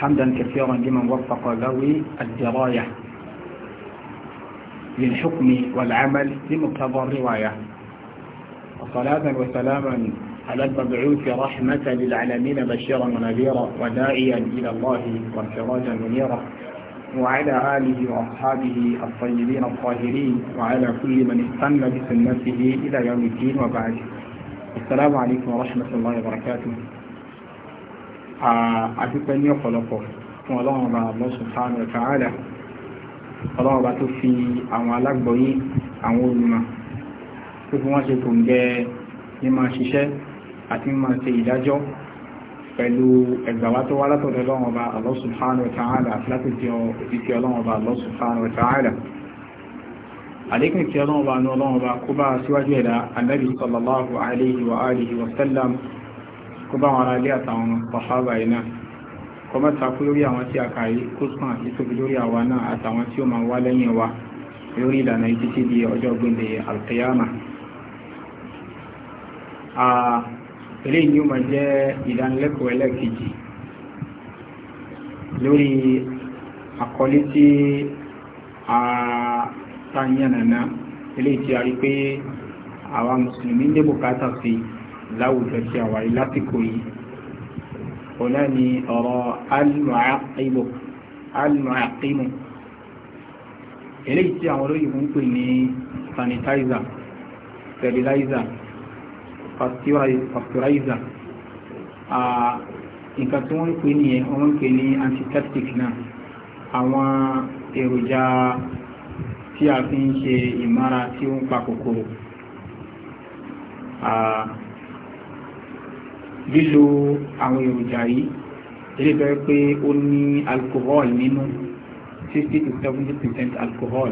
حمدا كثيرا لمن وفق ذوي الدراية للحكم والعمل بمقتضى الرواية وصلاة وسلاما على المبعوث رحمة للعالمين بشيرا ونذيرا وداعيا إلى الله وانفراجا منيرا وعلى آله وأصحابه الطيبين الطاهرين وعلى كل من استنى بسنته إلى يوم الدين وبعد السلام عليكم ورحمة الله وبركاته àdúpẹ́ ní ọ̀pọ̀lọpọ̀ fún ọlọ́run ọba Allah subhanahu wa ta'ala ọlọ́run ọba tó fi àwọn alágbọ̀yé àwọn olùmọ̀ tó fi wọ́n ṣe kò ń gẹ ní máa ṣiṣẹ́ àti máa ṣe ìdájọ́ pẹ̀lú ẹgbàwá tó wá látọ̀dọ̀ ọlọ́run ọba Allah subhanahu wa ta'ala láti jẹ òtítí ọlọ́run ọba Allah subhanahu wa ta'ala àlékún tí ọlọ́run ọba ní ọlọ́run ọba kó bá síwájú ẹ̀dá anábì sallallahu alayhi wa alihi wa sallam kó bá wọn ara ilé àtàwọn pàṣáwà yìí náà kó má takú lórí àwọn tí a kà yìí kó sàn àti tóbi lórí àwa náà àtàwọn tí ó máa wá lẹ́yìn wa lórí ìlànà yìí títí di ọjọ́ gbòǹde alkiyama eléyìí ni ó máa jẹ́ ìdánilẹ́kọ̀ọ́ ẹlẹ́ẹ̀kejì lórí àkọlé tí a tàyànnà eléyìí tí a rí pé àwa mùsùlùmí ní bùkátà sí i láwùjọ tí a wà yìí lásìkò yìí ọ̀nà ni ọ̀rọ̀ alùmọ̀àkìmù eléyìí tí àwọn olóyìnbó ń pè ní sanitizer fertilizer pasteurizer nǹkan tí wọ́n ń pè ní yẹn wọ́n ń pè ní antiseptic náà àwọn èròjà tí a fi ń ṣe ìmára tí ó ń pa kòkòrò lílo àwọn èròjà yìí eléyìí pé ó ní alcohol nínú sixty to seventy percent alcohol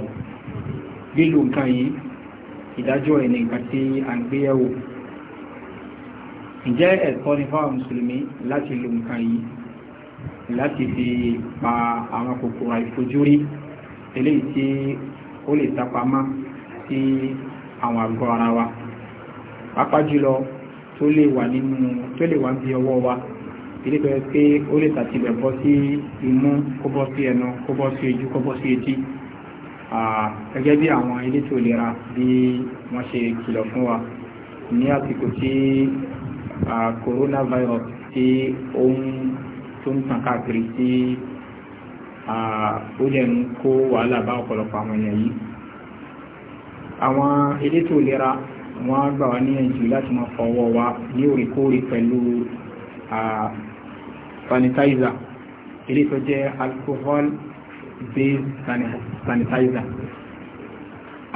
lílo nǹkan yìí ìdájọ́ ẹ̀ ní tí à gbé yẹ̀wò ǹjẹ́ ẹ̀tọ́ ni fáwọn mùsùlùmí láti lo nǹkan yìí láti fi pa àwọn kòkòrò àìfojúrí eléyìí tí ó lè tapamọ́ sí àwọn àgọ́ ara wa pàápàá jùlọ tó lè wà nínú tó lè wà bí ọwọ́ wa ilé tó yẹ pé ó lè tàtibẹ̀ bọ́ sí imú kó bọ́ sí ẹnu kó bọ́ sí ojú kó bọ́ sí etí gẹ́gẹ́ bí àwọn elétò ìlera bí wọ́n ṣe kìlọ̀ fún wa ní àsìkò tí coronavirus tí ohun tó ń tàn káàkiri tí ó dẹ̀ ń kó wàhálà bá ọ̀pọ̀lọpọ̀ àwọn èèyàn yìí àwọn elétò ìlera wọ́n á gbà wá níyànjú láti máa fọwọ́ wa ní òrèkóòrè pẹ̀lú sanitizer èyí tó jẹ́ alcohol based sanitizer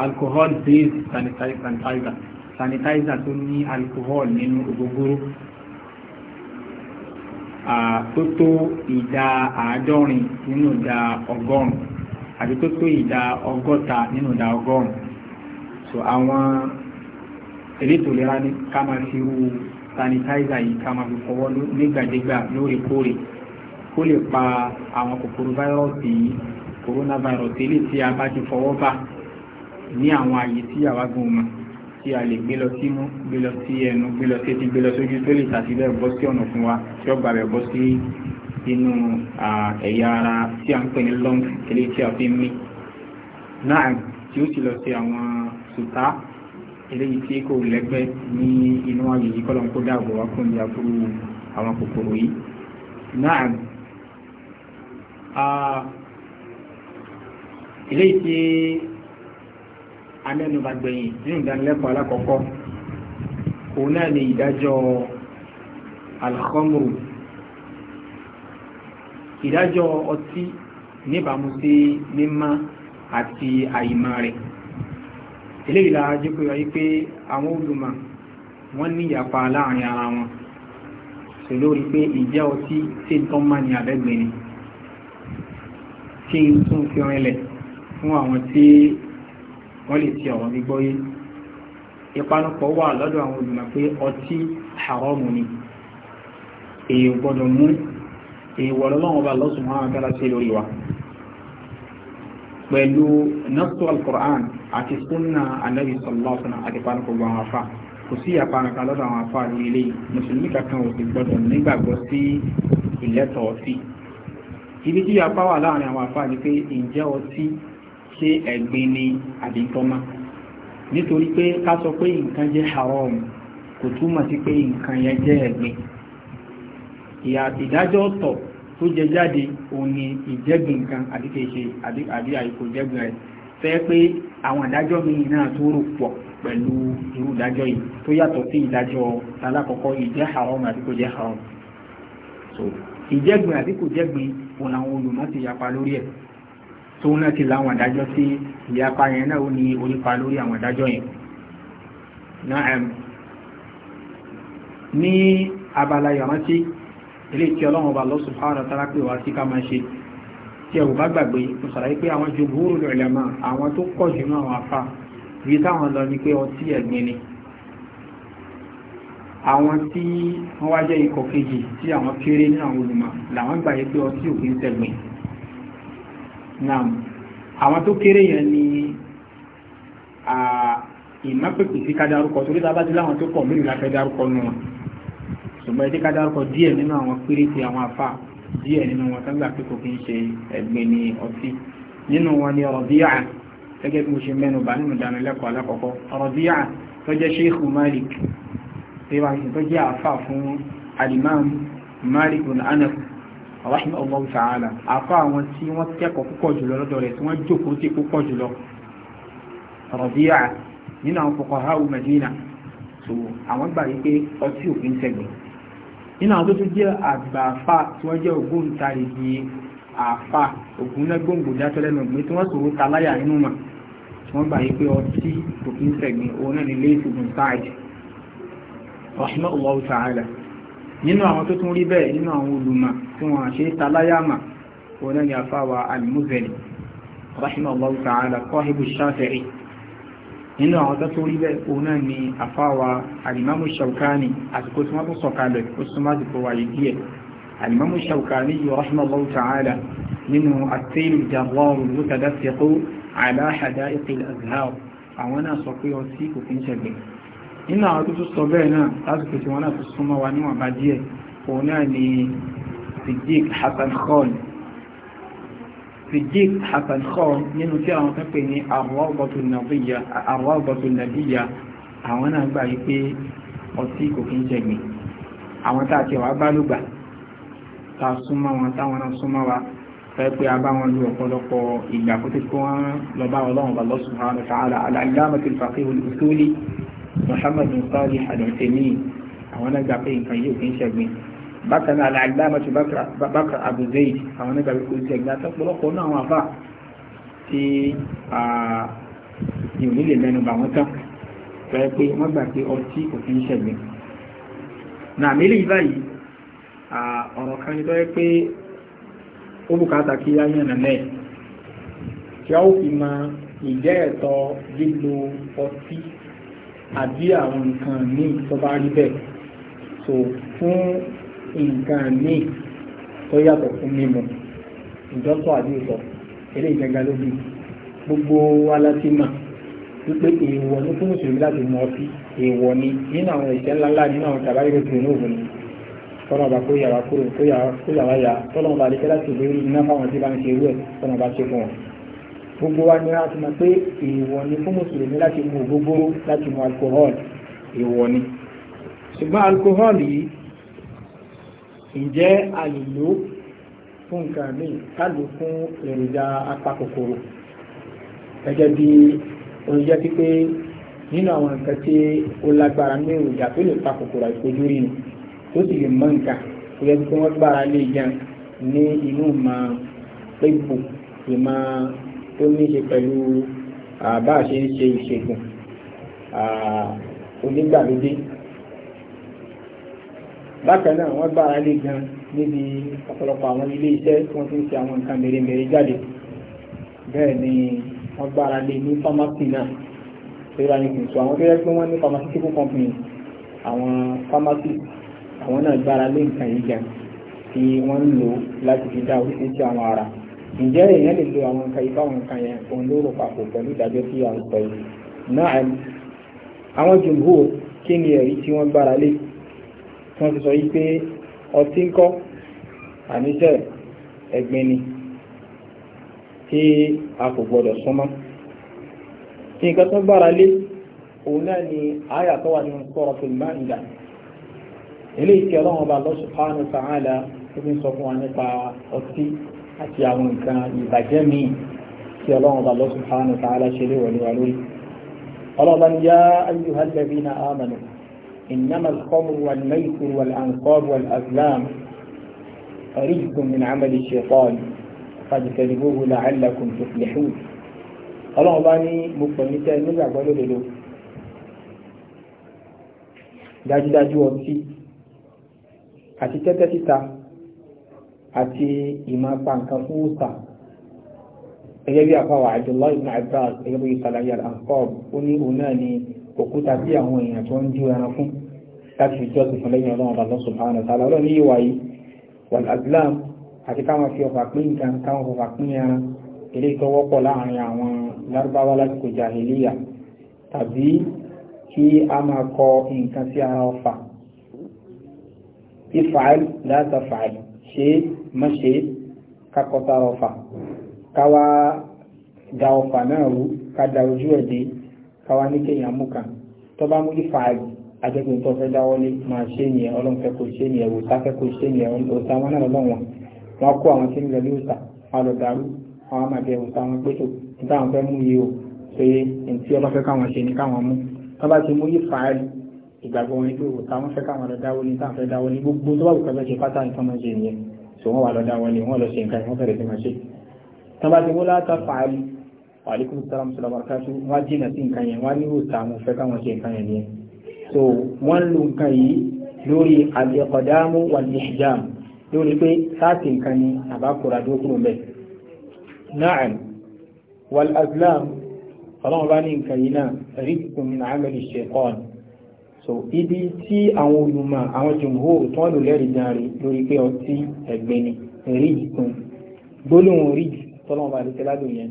alcohol based sanitizer sanitizer tó ní alcohol nínú ògógóró tó tó ìdá àádọ́rin nínú ìdá ọgọ́rùn-ún àti tó tó ìdá ọgọ́ta nínú ìdá ọgọ́rùn-ún so àwọn elétò ìlera ní ká máa fi irú sanitizer yìí ká máa fi fọwọ́ nígbàdégbà lóòrèkóòrè kó lè pa àwọn kòkòrò fáírọ́ọ̀sì yìí coronavirus eléyìí tí a bá ti fọwọ́ bà ní àwọn àyè tí àwa gan mọ̀ tí a lè gbé lọ símú gbé lọ sí ẹnu gbé lọ sétí gbé lọ sójú tó lè ṣàtìlẹ́ bọ́ sí ọ̀nà fún wa tí ọgbà rẹ̀ bọ́ sí inú ẹ̀yà ara tí a ń pè ní lung eléyìí tí a fi ń mí náà tí ó sì lọ sí àwọn sùtá eléyìí tí kò lẹ́gbẹ́ ní inú agbègbè kọ́lọ́n kó dáàbò wá fún ìyá fún àwọn kòkòrò yìí náà eléyìí tí amẹ́nuba gbẹ̀yìn nínú ìdánilẹ́kọ̀ọ́ alákọ̀ọ́kọ́ òun náà ni ìdájọ́ alhamru ìdájọ́ ọtí níbàámu sí mímá àti àìmá rẹ̀ ilé ìlà ajíkúyọ yí pé àwọn olùmọ̀ wọ́n ní ìyapa láàrin ara wọn sọ lórí pé ìjẹ́ ọtí tí nǹkan máa ní abẹ́gbẹ̀ ni tí n tún fi rinlẹ̀ fún àwọn tí wọ́n lè ti ọ̀rọ̀ gbígbọ́ yé ìpanupọ̀ wà lọ́dọ̀ àwọn olùmọ̀ pé ọtí haramu ni èèyàn gbọ́dọ̀ mú èèwọ̀ lọ́wọ́ bá lọ́sùn máa ń dára sí lórí wa pẹ̀lú nafsu al-Qur'an àti sunna anabi sallallahu alaihi wa àti pàrọ̀kọ̀ gbọ́n afa kò sí àpárá kan lọ́dọ̀ àwọn afa ní ilé mùsùlùmí kankan ò sì gbọdọ̀ nígbàgbọ́ sí ìlẹ́tọ̀ ọtí ibi tí apá wà láàrin àwọn afa ni pé ǹjẹ́ ọtí ṣé ẹ̀gbin ni àbí ntọ́mà nítorí pé ká sọ pé nǹkan jẹ́ haram kò túmọ̀ sí pé nǹkan yẹn jẹ́ ẹ̀gbin ìdájọ́ ọ̀tọ̀ tó jẹ jáde òun ni ìjẹ́gbìn nǹkan àti kèṣe àbí àìkò jẹ́gbìn rẹ̀ fẹ́ pé àwọn ìdájọ́ mi náà tó rò pọ̀ pẹ̀lú irú ìdájọ́ yìí tó yàtọ̀ sí ìdájọ́ alákọ̀ọ́kọ́ ìjẹ́ haram àti kò jẹ́ haram ìjẹ́gbìn àti kò jẹ́gbìn òun làwọn olùmọ̀ ti yapa lórí ẹ̀ tó náà ti láwọn ìdájọ́ sí ìyapa yẹn náà ó ní onípa lórí àwọn ìdájọ́ yẹn ní abala ìrántí ilé tí ọlọ́run ọba Allah subhanahu wa ta'ala pé wá sí ká máa ṣe tí ẹ̀wù bá gbàgbé mo ṣàlàyé pé àwọn jumhurul ulama àwọn tó pọ̀ jù náà wà fà ibi táwọn lọ ni pé ọtí ẹ̀gbin ni àwọn tí wọ́n wá jẹ́ ikọ̀ kejì tí àwọn kéré nínú àwọn olùmọ̀ làwọn gbà yé pé ọtí òfin ṣẹ̀gbin náà àwọn tó kéré yẹn ni ìmọ̀pẹ̀pẹ̀ sí ká dárúkọ torí tá a bá ti láwọn tó pọ̀ mí ṣùgbọ́n ẹ̀dí ká dárúkọ díẹ̀ nínú àwọn péréte àwọn afá díẹ̀ nínú wọn tán gbà pé kò kí ń ṣe ẹ̀gbin ní ọtí nínú wọn ni Rabi'a gẹ́gẹ́ bí mo ṣe mẹ́nu bá nínú ìdánilẹ́kọ̀ọ́ alákọ̀ọ́kọ́ Rabi'a tó jẹ́ Sheikh Malik tó jẹ́ afá fún alimam Malik bin Anas rahimah allah ta'ala afá àwọn tí wọ́n kẹ́kọ̀ọ́ púpọ̀ jùlọ lọ́dọ̀ rẹ̀ tí wọ́n jókòó sí púpọ̀ jùlọ Rabi'a nínú àwọn fuqaha àwọn gbà yí pé ọtí òfin sẹ́gbẹ̀ẹ́ nínú àwọn tó tún jẹ́ àgbà àfà tí wọ́n jẹ́ afa àfà ògúnlẹ́gbòǹgbò dátọ́lẹ́nu ọ̀gbìn tí wọ́n sòwò taláyà nínú mà ma gbà yí pé ọtí kò kí ń sẹ̀gbìn òun náà nílé ìṣògùn táàdì ọ̀ṣunà ọ̀wọ́ ta'ala nínú àwọn tó tún rí bẹ́ẹ̀ nínú àwọn olùmọ̀ tí wọ́n àṣẹ taláyà mà òun náà ni àfà wa al nínú àwọn tó rí bẹ́ẹ̀ òun náà ni àfáwà alimamu shaukani àsìkò tí wọ́n tó sọ̀kalẹ̀ ó súnmọ́ àsìkò wáyé díẹ̀ alimamu shaukani yìí rahimahullahu ta'ala nínú àtẹ́lù jarrar mutadassiqu ala hada'iqil azhar àwọn náà sọ pé ọtí kò fi ń ṣẹ̀gbẹ̀ nínú àwọn tó tún sọ Siddiq Hassan Khan nínú tí àwọn kan pè ní Arwabatu Nabiya àwọn náà gbà yí pé ọtí kò kí ń jẹgbìn àwọn tá a ti wá bá lùgbà tá a súnmọ́ wọn táwọn náà súnmọ́ wa fẹ́ pé a bá wọn lu ọ̀pọ̀lọpọ̀ ìgbà kó tó kí bákan náà alágbàmọ̀ ti bákan àbúzẹ́yì àwọn nígbà wípé ó jẹ́ ìgbàtọ́ pọ̀lọpọ̀ náà àwọn àfà tí yìí nílè mẹ́nu bà wọ́n tán pẹ̀lú pé wọ́n gbà pé ọtí kò fi ń ṣẹ̀gbẹ́ náà mílí báyìí ọ̀rọ̀ kan ní tọ́yẹ́ pé ó bùkátà kí á yànnà náà tí a ó fi mọ ìjẹ́ ẹ̀tọ́ lílo ọtí àbí àwọn nǹkan míì tó bẹ́ẹ̀ fún nǹkan míì tó yàtọ̀ fún mímu ìjọ́tọ̀ àbí ìtọ̀ eré ìjẹga gbogbo alátímà wípé èèwọ̀ ní fún mùsùlùmí láti mọ ọtí èèwọ̀ ni nínú àwọn ìṣẹ́ ńláńlá nínú àwọn tàbá ìrè tó ní òògùn tọ́nà bá kó yàrá kúrò kó yàrá yà tọ́nà bá lè kẹ́lá sí ìlérí iná fáwọn tí bá ń ṣe irú ẹ̀ tọ́nà bá ṣe fún wọn. gbogbo wa ni a ti mọ̀ pé èèwọ̀ ni fún mùsùlùmí láti mu ògógóró láti mu alkohol èèwọ̀ ni. ṣùgbọ́n alkohol yìí ǹjẹ́ a lè lò fún nǹkan míì ká lò fún èròjà apakòkòrò gẹ́gẹ́ bí oúnjẹ pípé nínú àwọn nǹkan tí ó lágbára ní èròjà tó lè pa kòkòrò àìfojúrí ni tó sì lè mọ nǹkan tó yẹ kí wọ́n gbára lè jẹun ní inú máa pépò ìmọ̀ tó ní ṣe pẹ̀lú bá ń ṣe ìṣègùn onígbàlódé bákan náà wọ́n gbára lé gan níbi ọ̀pọ̀lọpọ̀ àwọn ilé iṣẹ́ tí ti ń ṣe àwọn nǹkan mèremère jáde bẹ́ẹ̀ ni wọ́n gbára lé ní pharmacy náà ìrora ni kìí sọ àwọn tó yẹ pé wọ́n ní pharmaceutical company àwọn pharmacy àwọn náà gbára lé nǹkan yìí gan tí wọ́n ń lò láti fi dá oríṣiríṣi àwọn ara ǹjẹ́ èèyàn lè lo àwọn nǹkan yìí fáwọn nǹkan yẹn òun ló rò papọ̀ pẹ̀lú ìdájọ́ tí à ń sọ yìí náà àwọn jùmọ̀ kí ni ẹ̀rí tí wọ́n gbára lé wọ́n ti sọ yí pé ọtí ń kọ́ àníṣe ẹ̀gbin ni tí a kò gbọdọ̀ súnmọ́ tí nǹkan tó gbára lé òun náà ni àyà tó wà nínú Suratul Ma'idah eléyìí tí ọlọ́run ọba Allah subhanahu wa ta'ala tó fi ń sọ fún wa nípa ọtí àti àwọn nǹkan ìbàjẹ́ míì tí ọlọ́run ọba Allah subhanahu wa ta'ala ṣe léwọ̀lẹ́wà lórí ọlọ́run bá ní yá ayyuhal ladhina amanu إنما الخمر والميسر والأنقاب والأزلام رجس من عمل الشيطان قد كذبوه لعلكم تفلحون قال الله باني مقبلتا نزع قولوا لدو داج داج وانسي أتي تتا تتا أتي إما فانكم فوسا يبي أفا وعد الله بن عباس يبي صلى الله عليه وسلم òkúta bí àwọn èèyàn tó ń jú ẹran fún láti fi jọ́sìn fún lẹ́yìn ọlọ́run Allah subhanahu wa ta'ala ọlọ́run yìí wáyé wal azlam àti káwọn fi ọ̀fà pín nǹkan káwọn fọ̀fà pín ẹran ilé tó wọ́pọ̀ láàrin àwọn lárúbáwá lásìkò jahiliya tàbí kí a máa kọ nǹkan sí ara ọ̀fà ifa'al la tafa'al ṣe má ṣe kakọta ọ̀fà káwa da ọ̀fà náà rú ká da ojú ẹ̀ dé káwa ní kéèyàn mú kan tó bá mú ìfà àjẹgbẹ̀ tó fẹ́ dáwọ́lé máa ṣe nìyẹn ọlọ́run fẹ́ kó ṣe nìyẹn òòṣà fẹ́ kó ṣe nìyẹn òòṣà wọn náà lọ́wọ́ wọn wọn kó àwọn tí ń lọ lóòṣà wọn lọ dàrú àwọn àmàbẹ òòṣà wọn pé tó níta àwọn fẹ́ mú yìí o pé ntí ọba fẹ́ káwọn ṣe ní káwọn mú tó bá ti mú yìí fàáyì ìgbàgbọ́ wọn pé òòṣà wọn fẹ́ káwọn lọ dáwọ́lé níta fẹ́ dáwọ́lé gbogbo tó bá wù kẹfẹ́ ṣe pátá nǹkan máa ṣe nìyẹn alaikum salam sọlá barakatu wọ́n jìnà sí nǹkan yẹn wọ́n ní òòtà àwọn fẹ́ káwọn ṣe nǹkan yẹn nìyẹn so wọ́n lo nǹkan yìí lórí àdìkọ̀dáàmú wà ní ìjàm lórí pé sáàtì nǹkan ni àbákùrà dókùnrin bẹ́ẹ̀ náà wal azlam ọlọ́run bá ní nǹkan yìí náà ríkùn min amali shaytan so ibi tí àwọn olùmọ̀ àwọn jùmọ̀ tó wọ́n lò lẹ́rìí dáre lórí pé ọtí ẹ̀gbẹ́ ni ríkùn gbólóhùn ríkùn tọ́lọ́run bá yẹn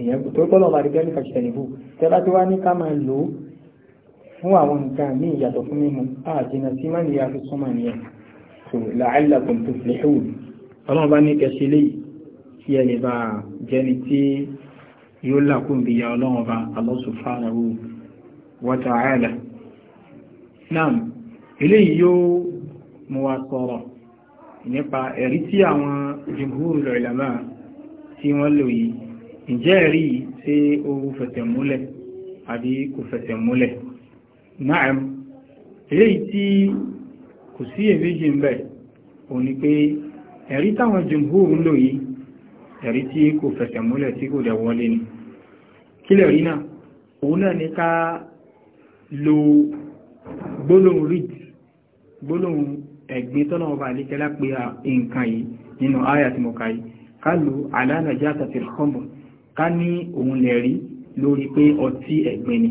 èèyàn tó tọ́lọ̀ bá dìgbẹ́ nípa ṣẹ̀lẹ̀bù tẹ́lá tí wá ní ká máa lò ó fún àwọn nǹkan ní ìyàtọ̀ fún mímu àjìnà sí má nìyà fi súnmọ̀ nìyẹn tó la'allakum tuflihun ọlọ́run bá ní kẹsí lè kí ẹ lè bá jẹni tí yóò làkún bí ya ọlọ́run bá Allah subhanahu wa ta'ala náà eléyìí yóò mú wa sọ̀rọ̀ nípa ẹ̀rí tí àwọn jumhurul ulama tí wọ́n lò yìí ǹjẹ́ ẹ̀rí ṣé ó fẹsẹ̀ múlẹ̀ àbí kò fẹsẹ̀ múlẹ̀ náà eléyìí tí kò sí èméjì ń bẹ̀ òun ni pé ẹ̀rí táwọn jùmhúrù ń lò yìí ẹ̀rí tí kò fẹsẹ̀ múlẹ̀ tí kò dẹ̀ wọlé ni kílẹ̀ rí náà òun náà ni ká lo gbólóhùn ríd gbólóhùn ẹ̀gbin tọ́nà ọba àlékẹ́lá pé nǹkan yìí nínú àyà tí mo kà yìí ká lo àlànà játa tìlkọ́mù ká ní òun lẹ̀rí lórí pé ọtí ẹ̀gbin ni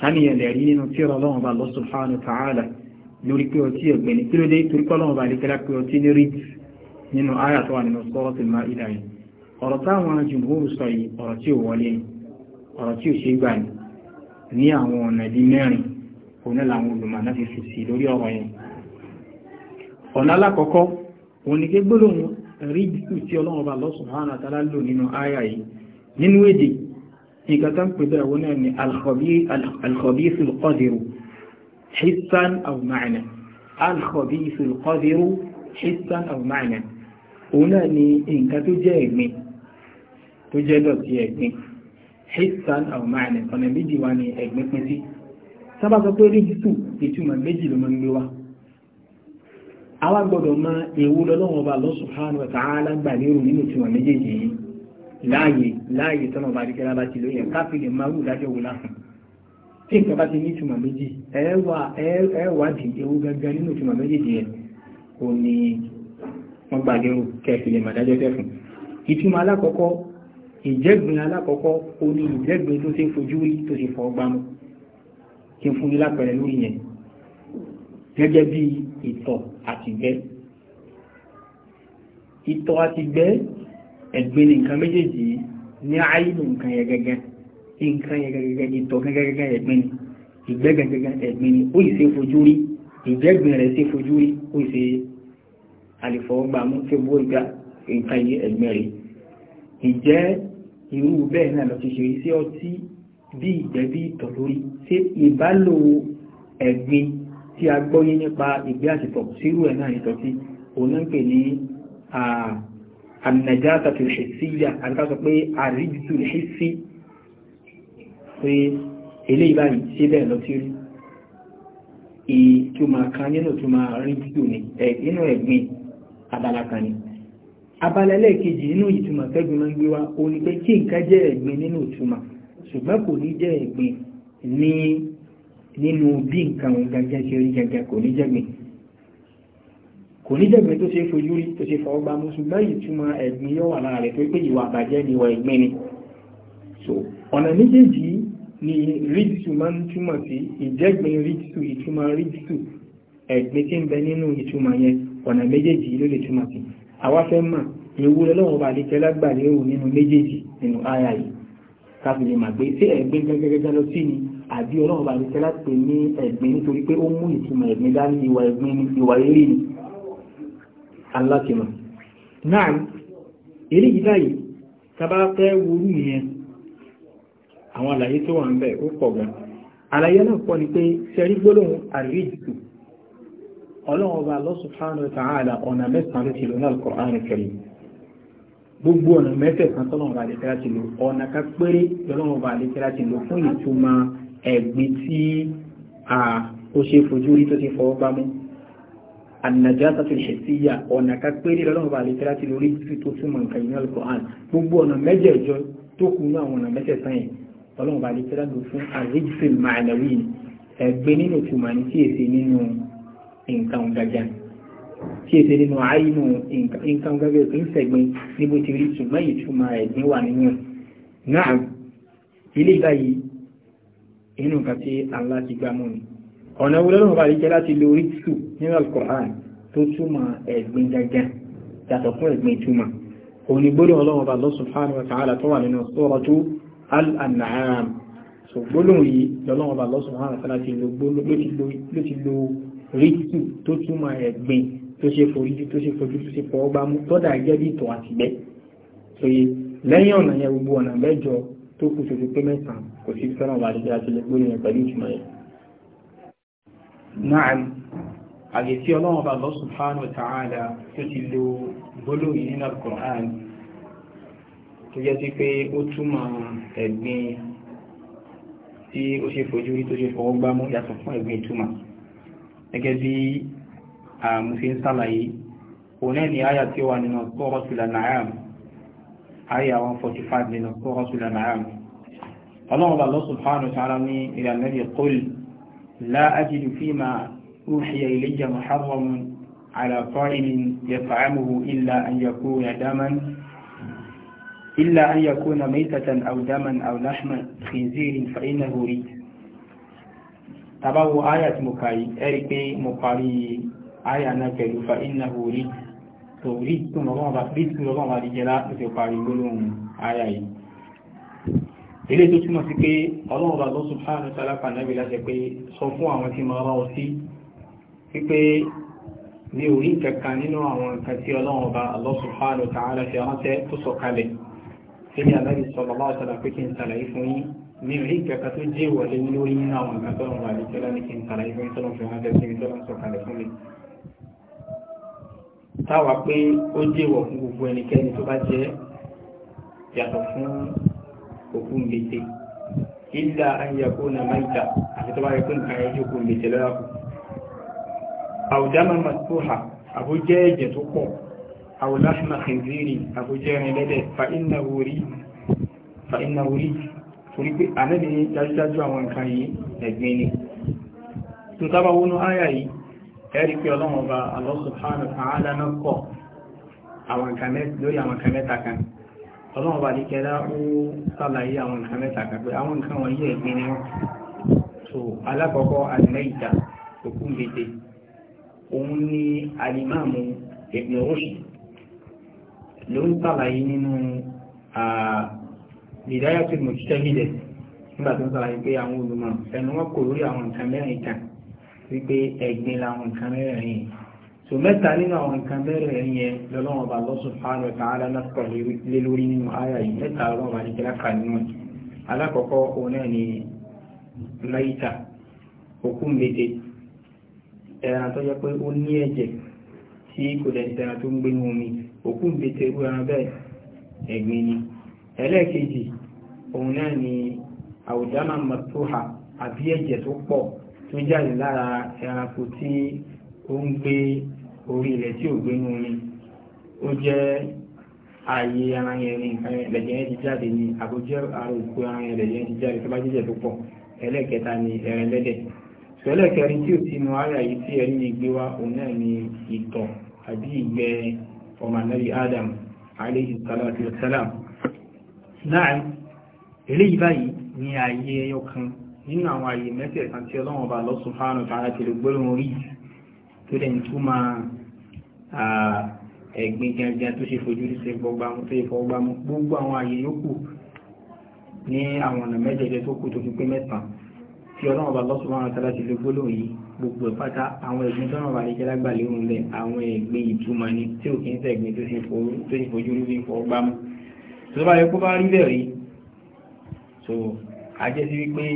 ká ní yẹn lẹ̀rí nínú tí ọ̀rọ̀ ọlọ́run bá lọ subhanahu wa ta'ala lórí pé ọtí ẹ̀gbin ni kí ló dé torí pé ọlọ́run bá lè kẹ́lá pé ọtí ní rí nínú àyà tó wà nínú suratul Ma'idah yìí ọ̀rọ̀ táwọn jùmúhùrù sọ yìí ọ̀rọ̀ tí ò wọlé ọ̀rọ̀ tí ò ṣe gbà ní ní àwọn ọ̀nà ìdí mẹ́rin òun làwọn olùmọ̀ náà fi fèsì lórí ọ̀rọ̀ yẹn ọ̀nà alákọ̀ọ́kọ́ òun ni gbólóhùn rídíkù tí ọlọ́run bá Allah subhanahu wa ta'ala lò nínú àyà yìí nínú èdè nǹkan tó ń pè bẹ́ẹ̀ wọ́n náà ni al-khabithul qadiru hissan aw ma'na al-khabithul qadiru hissan aw ma'na òun náà ni nǹkan tó jẹ́ ẹ̀gbin tó jẹ́ dọ̀tí ẹ̀gbin hissan aw ma'na ọ̀nà méjì wá ní ẹ̀gbin pín sí sábà sọ pé rídíkù ìtumọ̀ méjì ló máa ń gbé wá àwa gbọ́dọ̀ mọ èwo lọ́lọ́wọ́ ọba Allah subhanahu wa ta'ala gbà lérò nínú tiwọn méjèèjì yìí láàyè láàyè tọ́nà ọba àdìkẹ́lá bá ti lóye káfíìlì márùn ìdájọ́ wò láhùn tí nǹkan bá ti ní ìtumọ̀ méjì ẹ̀ẹ́wàdì ewu gangan nínú ìtumọ̀ méjì díẹ̀ o ni wọ́n gbà lérò kẹfìlẹ̀ màdájọ́ tẹ́fùn ìtumọ̀ alákọ̀ọ́kọ́ ìjẹ́gbin alákọ̀ọ́kọ́ o ni ìjẹ́gbin tó ṣe ìtọ̀ àtìgbẹ́ ìtọ̀ àtìgbẹ́ ẹ̀gbẹ́ ni nǹkan méjèèjì ní àìlù nǹkan yẹn gẹ́gẹ́ nǹkan yẹn gẹ́gẹ́ ìtọ̀ gẹ́gẹ́gẹ́ ẹ̀gbẹ́ ni ìgbẹ́ gẹ́gẹ́gẹ́ ẹ̀gbẹ́ ni ó ìṣe fojú rí ìgbẹ́gbìn rẹ̀ ṣe fojú rí ó ìṣe àlèfọwọ́gbàmú tó bó ìgbà nǹkan yìí ẹ̀gbẹ́ rẹ̀ ìjẹ́ irú bẹ́ẹ̀ náà lọ ti ṣe rí sí ọtí bí ìgbẹ́ bí ìtọ̀ lórí ṣé ìbálò ẹ̀gbin tí a gbọ́yé nípa ìgbé àtìtọ̀ sírù ẹ̀ náà ìtọ̀ sí onípe ní ànàjáta tó ṣe sí ìyà àríká sọ pé àríjìtù ṣe sí pé eléyìí báyìí ṣe bẹ́ẹ̀ lọ sí rí ìtumọ̀ kan nínú ìtumọ̀ àríjìtù ní inú ẹ̀gbin abala kan ni abala ẹlẹ́ẹ̀kejì nínú ìtumọ̀ tẹ́gbin máa ń gbé wa ó ní pé kí nǹkan jẹ́ ẹ̀gbin nínú ìtumọ̀ ṣùgbọ́n kò ní jẹ́ ẹ̀gbin ní nínú bí nǹkan òun gẹ́gẹ́ ṣe rí gẹ́gẹ́ kò ní jẹ́gbìn kò ní jẹ́gbìn tó ṣe fojú rí tó ṣe fọwọ́ gbá mú ṣùgbọ́n ìtumọ̀ ẹ̀gbin yóò wà lára rẹ̀ tó pé ìwà àbàjẹ́ ni ìwà ẹ̀gbin ni so ọ̀nà méjèèjì ni rídìtù máa ń túmọ̀ sí ìjẹ́gbin rídìtù ìtumọ̀ rídìtù ẹ̀gbin tí ń bẹ nínú ìtumọ̀ yẹn ọ̀nà méjèèjì ló lè túmọ̀ sí àwa fẹ́ mọ̀ ewu lọ́wọ́ bá lè tẹ́lágbà lérò nínú méjèèjì nínú áyà yìí káfí lè máa gbé sí ẹ̀gbin gẹ́gẹ́gẹ́ lọ sí ni àbí ọlọ́run bá nìkẹ́ láti pè ní ẹ̀gbin nítorí pé ó mú ìtumọ̀ ẹ̀gbin dání ìwà ẹ̀gbin ní ìwà eré ni alákìmọ̀ náà eré yìí báyìí tábà fẹ́ worú yẹn àwọn àlàyé tó wà ń bẹ̀ ó pọ̀ gan àlàyé náà pọ̀ ni pé sẹ́rí gbólóhùn àríjù ọlọ́run ọba lọ́sùn fáwọn ọ̀nà mẹ́sàn-án ti lọ náà al gbogbo ọ̀nà mẹ́fẹ̀ẹ̀kan tọ́lọ́mọba àlekẹ́lá ti lò ọ̀nà ká péré tọ́lọ́mọba àlekẹ́lá ti lò fún ìtumọ̀ ẹ̀gbin tí a ó ṣe fojú rí tó ti fọwọ́ pamọ́ ànàjáta tó ṣe sí ìyá ọ̀nà ká péré tọ́lọ́mọba àlekẹ́lá ti lò rí tí tó túmọ̀ nǹkan ìyẹn Al-Qur'an gbogbo ọ̀nà mẹ́jẹ̀ẹ̀jọ tó kù ní àwọn ọ̀nà mẹ́tẹ̀ẹ̀sán yẹn tọ́lọ́mọba àlekẹ́lá lò fún àríjìsìn màánàwí ẹ̀gbin nínú ìtumọ̀ ní tí èsì nínú nǹkan gàjà ni tí èsè nínú àìnù nǹkan gẹ́gẹ́ òkè ń sẹ̀gbìn níbo ti rí ṣùgbọ́n ìtumọ̀ ẹ̀gbìn wà nínú náà ilé báyìí inú nǹkan tí Allah ti gbá mú ni ọ̀nà wo lọ́nà bá rí jẹ́ láti lo orí tù nínú Al-Qur'an tó túmọ̀ ẹ̀gbìn gangan yàtọ̀ fún ẹ̀gbìn ìtumọ̀ òní gbólóhùn ọlọ́run bá Allah subhanahu wa ta'ala tó wà nínú Suratu Al-An'am so gbólóhùn yìí lọ́lọ́run bá Allah subhanahu wa ta'ala ti lo rí tó túmọ̀ ẹ̀gbìn tó ṣe foríjú tó ṣe fojú tó ṣe fọwọ́ gbámú tọ́dà jẹ́ bí ìtọ̀ àti gbẹ́ tó yẹ lẹ́yìn ọ̀nà yẹn gbogbo ọ̀nà mẹ́jọ tó kù tó ti pé mẹ́sàn-án kò sí fẹ́ràn wà lójú àti lẹ́gbẹ́ yẹn pẹ̀lú ìtumọ̀ yẹn. náà àyè tí ọlọ́run bá Allah subhanahu wa ta'ala tó ti lo gbólóyìn nínú al tó jẹ́ sí pé ó túmọ̀ ẹ̀gbin tí ó ṣe fojú rí tó ṣe fọwọ́ gbámú yàtọ̀ fún ẹ̀gbin ìtumọ̀ gẹ́gẹ́ bí mo fi ń sàlàyé òun náà ni àyà tí ó wà nínú Suratul An'am àyà 145 nínú Suratul An'am ọlọ́run Allah subhanahu wa ta'ala ní ìlànà nabi qul la ajidu fima uhiya ilayya muharramun ala ta'imin illa an yakuna daman إلا أن يكون ميتة أو دما أو لحم خنزير فإنه ريد تبعو آية مكاي أريكي مقاري àyà náà pẹ̀lú fa iná orí tó rí tó lọ́gbọ́n bá díjẹ́ láti fi parí gbólóhùn àyà yìí ilé tó túmọ̀ sí pé ọlọ́run bá lọ́sùn fáànù tálákà náàbì láti pé sọ fún àwọn tí ma rán ọ sí wípé ní orí kankan nínú àwọn nǹkan tí ọlọ́run bá lọ́sùn fáànù tààlà fi ránṣẹ́ tó sọ kalẹ̀ sílẹ̀ aláàbì sọ̀rọ̀ pé kí n ṣàlàyé fún yín ní orí kankan tó jẹ́ ìwọlé lórí nínú àwọn nǹkan tó ń wà ní kí n ṣàlàyé fún yín tó ń sọ táwa pé ó jẹ́wọ̀ fún gbogbo ẹnikẹ́ni tó bá jẹ́ yàtọ̀ fún òkú mbete ilà ayàkó na maita àti tó bá rí pé nǹkan ẹjọ́ òkú mbete lọ́yà kù àwùdámà masuha àbújẹ́ ẹ̀jẹ̀ tó pọ̀ àwùdáhìmà khinziri àbújẹ́ ẹ̀rí pé ọlọ́run ọba Allah subhanahu wa ta'ala náà kọ̀ àwọn nǹkan mẹ́ta lórí àwọn nǹkan mẹ́ta kan ọlọ́run ọba ní kẹ́lá ó sàlàyé àwọn nǹkan mẹ́ta kan pé àwọn nǹkan wọ̀nyí ẹ̀gbin ni wọ́n so alákọ̀ọ́kọ́ àlẹ́ìjà òkú gbèdé òun ni alimáàmù Ibn Rushd ló ń nínú wípé ẹ̀gbin làwọn nǹkan mẹ́rẹ̀ẹ̀rin yìí so mẹ́ta nínú àwọn nǹkan mẹ́rẹ̀ẹ̀rin yẹn lọ́lọ́wọ́n bá Allah subhanahu wa ta'ala lásìkò lé lórí nínú àyà yìí mẹ́ta lọ́wọ́n bá ní kíláka nínú ẹ̀ alákọ̀ọ́kọ́ òun náà ni láyíta òkú mbete ẹran tó yẹ pé ó ní ẹ̀jẹ̀ tí kò dẹ̀ ẹran tó ń gbé ní omi òkú mbete irú ẹran bẹ́ẹ̀ ẹ̀gbin ni ẹlẹ́ẹ̀kejì òun náà ni àwùjá máa mọ̀ tó hà àbí ẹ̀jẹ̀ tó pọ̀ tó jáde lára ẹranko tí ó ń gbé orí ilẹ̀ tí ò gbé nínú omi ó jẹ́ ààyè ara yẹn ní nǹkan ẹlẹ́jẹ̀ yẹn ti jáde ní àbójẹ́ àrò òkú ara yẹn ẹlẹ́jẹ̀ yẹn ti jáde tó bá jẹ́jẹ́ tó pọ̀ ẹlẹ́kẹta ni ẹran ẹlẹ́dẹ̀ ṣẹlẹ̀ kẹrin tí ò ti nu ara yìí tí ẹni ní gbé wá òun náà ni ìtọ̀ àbí ìgbẹ́ ọmọ anábì Adam alayhi salatu wa salam náà eléyìí báyìí ni ààyè ẹyọ kan nínú àwọn àyè mẹ́tẹ̀ẹ̀ta tí ọlọ́run ọba Allah subhanahu wa ta'ala ti lè gbóòrùn orí tó dẹ̀ ń túmọ̀ ẹ̀gbin gangan tó ṣe fojú sí gbọgbàmù tó ṣe fọgbàmù gbogbo àwọn àyè yòókù ní àwọn ọ̀nà mẹ́jẹ̀ẹ̀jẹ tó kù tó fi pé mẹ́sàn-án tí ọlọ́run ọba Allah subhanahu wa ta'ala ti fojú rí fọgbàmù tó bá yẹ kó bá rí bẹ́ẹ̀ rí so àjẹsí wípé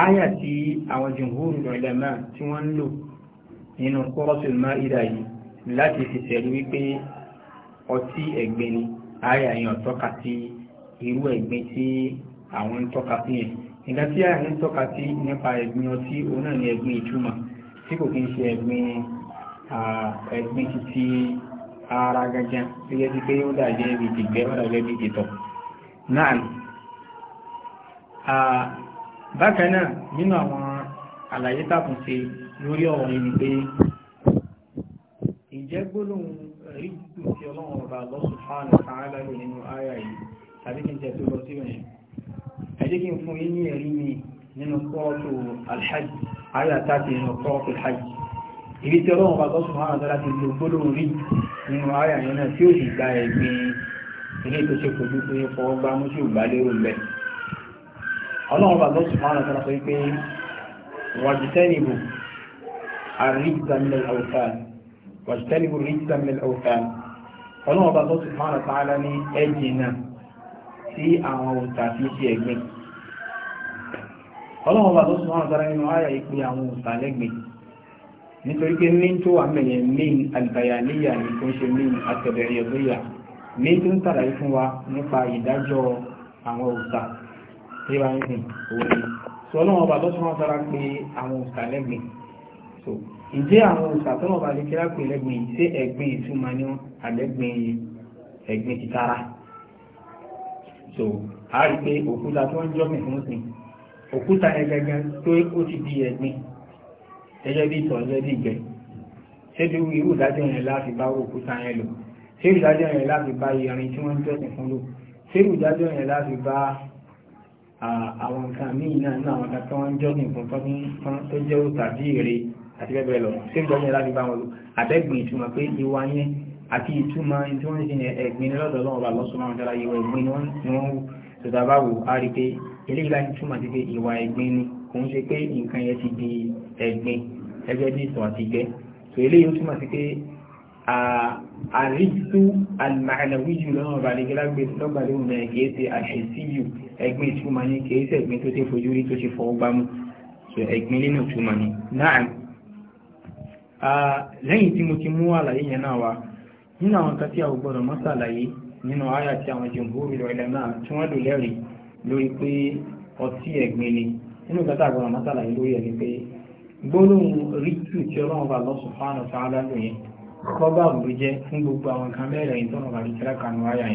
áyà tí àwọn jùmhúrù ìlẹ̀mà tí wọ́n ń lò nínú Suratul Maida yìí láti fi tẹ̀lú wípé ọtí ẹ̀gbin ni áyà yẹn ò tọ́ka sí irú ẹ̀gbin tí àwọn ń tọ́ka sí yẹn nígbà tí àyà ń tọ́ka sí nípa ẹ̀gbin ọtí òun náà ní ẹ̀gbin ìtumọ̀ tí kò kí ń ṣe ẹ̀gbin ẹ̀gbin títí ara gangan tó yẹ sí pé ó dàjẹ́ ibi ìgbẹ́ ó dàjẹ́ ibi ìtọ̀ náà bákan náà nínú àwọn àlàyé tàkùn ṣe lórí ọ̀rọ̀ yìí ni pé ìjẹ́ gbólóhùn rí dùn sí ọlọ́run ọba lọ́sùn fáànù sàárà lò nínú àyà yìí tàbí kí n jẹ́ tó lọ sí ìrìn ẹ kí n fún yín ní ẹ̀rí mi nínú sọ́ọ̀tù alhajj àyà tàbí nínú sọ́ọ̀tù alhajj ibi tí ọlọ́run ọba lọ́sùn fáànù sàárà ti lo gbólóhùn rí nínú àyà yìí náà tí ó sì gba ẹ̀gbin ilé tó ṣe fojú pé fọwọ́ gbámú sí ò ọlọ́run bá lọ́sùn máa rẹ̀ sọ pé wàjítẹ́nìbù àríjìdánilẹ̀ àwòfàn wàjítẹ́nìbù ríjìdánilẹ̀ àwòfàn ọlọ́run bá lọ́sùn máa rẹ̀ sáárá ní ẹ̀jì náà sí àwọn òǹtà tí ṣe ẹ̀gbìn ọlọ́run bá lọ́sùn máa rẹ̀ sáárá nínú àyà ìpè àwọn òǹtà lẹ́gbìn nítorí pé ní tó wà mẹ́yẹn mín àlùbáyàníyà ní tó ń ṣe mín àtẹ̀bẹ̀rẹ̀ ọ̀gbẹ́yà mín tó ń tàlàyé fún wa nípa ìdájọ́ àwọn òǹtà ríra ń sìn òní sọ ọlọ́wọ́n ọba lọ́sùn wọn sára pé àwọn òòṣà lẹ́gbìn so ǹjẹ́ àwọn òòṣà tọ́lọ̀ ọba lékèrà pé lẹ́gbìn ṣé ẹ̀gbìn ìtumọ̀ ni wọn àlẹ́gbìn ẹ̀gbìn títara so a rí pé òkúta tí wọ́n ń jọ́ mẹ́fún sí òkúta yẹn gẹ́gẹ́ tó ó ti di ẹ̀gbìn gẹ́gẹ́ bí ìtọ̀ gẹ́gẹ́ bí ìgbẹ́ ṣé bí irú ìdájọ́ yẹn láti bá òkúta yẹn lò ṣé ìdájọ́ yẹn láti bá irin tí wọ́n ń jọ́sìn fún lò ṣé ìdájọ́ yẹn láti bá àwọn nǹkan míì náà ní àwọn nǹkan tó ń jọ́ nìkan tó jẹ́ òtàbí èrè àti bẹ́ẹ̀ bẹ́ẹ̀ lọ tí ó gbọ́dọ̀ láti bá wọn lò àtẹ́gbìn ìtumọ̀ pé ìwà yẹn àti ìtumọ̀ tí wọ́n ti ẹ̀gbìn ní lọ́dọ̀ lọ́wọ́ bá lọ́sùn náà dára ìwà ẹ̀gbìn ni wọ́n ń wù tòtà bá wò á rí pé eléyìí láti túmọ̀ sí pé ìwà ẹ̀gbìn ni kò ń ṣe pé nǹkan yẹn ti di ẹ̀gbìn ẹgbẹ́ bí ìtàn àti gbẹ́ tò eléyìí ó túmọ̀ sí pé àrísú àlùmáàlà wíjù lọ́wọ́ bá lè gbẹ́lágbẹ́ lọ́gbàlóhùn náà kì í ṣe àṣẹ síyù ẹ̀gbin ìtumà ní kìí ṣẹ̀gbin tó ṣe fojú rí tó ṣe fọwọ́ so ẹ̀gbin nínú ìtumà ní náà lẹ́yìn tí mo ti mú àlàyé yẹn náà wá nínú àwọn kan tí a gbọ́dọ̀ mọ́ sàlàyé nínú àyà tí àwọn jùmhúrì rẹ̀ náà tí wọ́n ni nínú kan a gbọ́dọ̀ mọ́ sàlàyé lórí ẹ̀ ni pé gbólóhùn rítù tí ọlọ́run bá jẹ́ fún gbogbo àwọn kan kanú àyà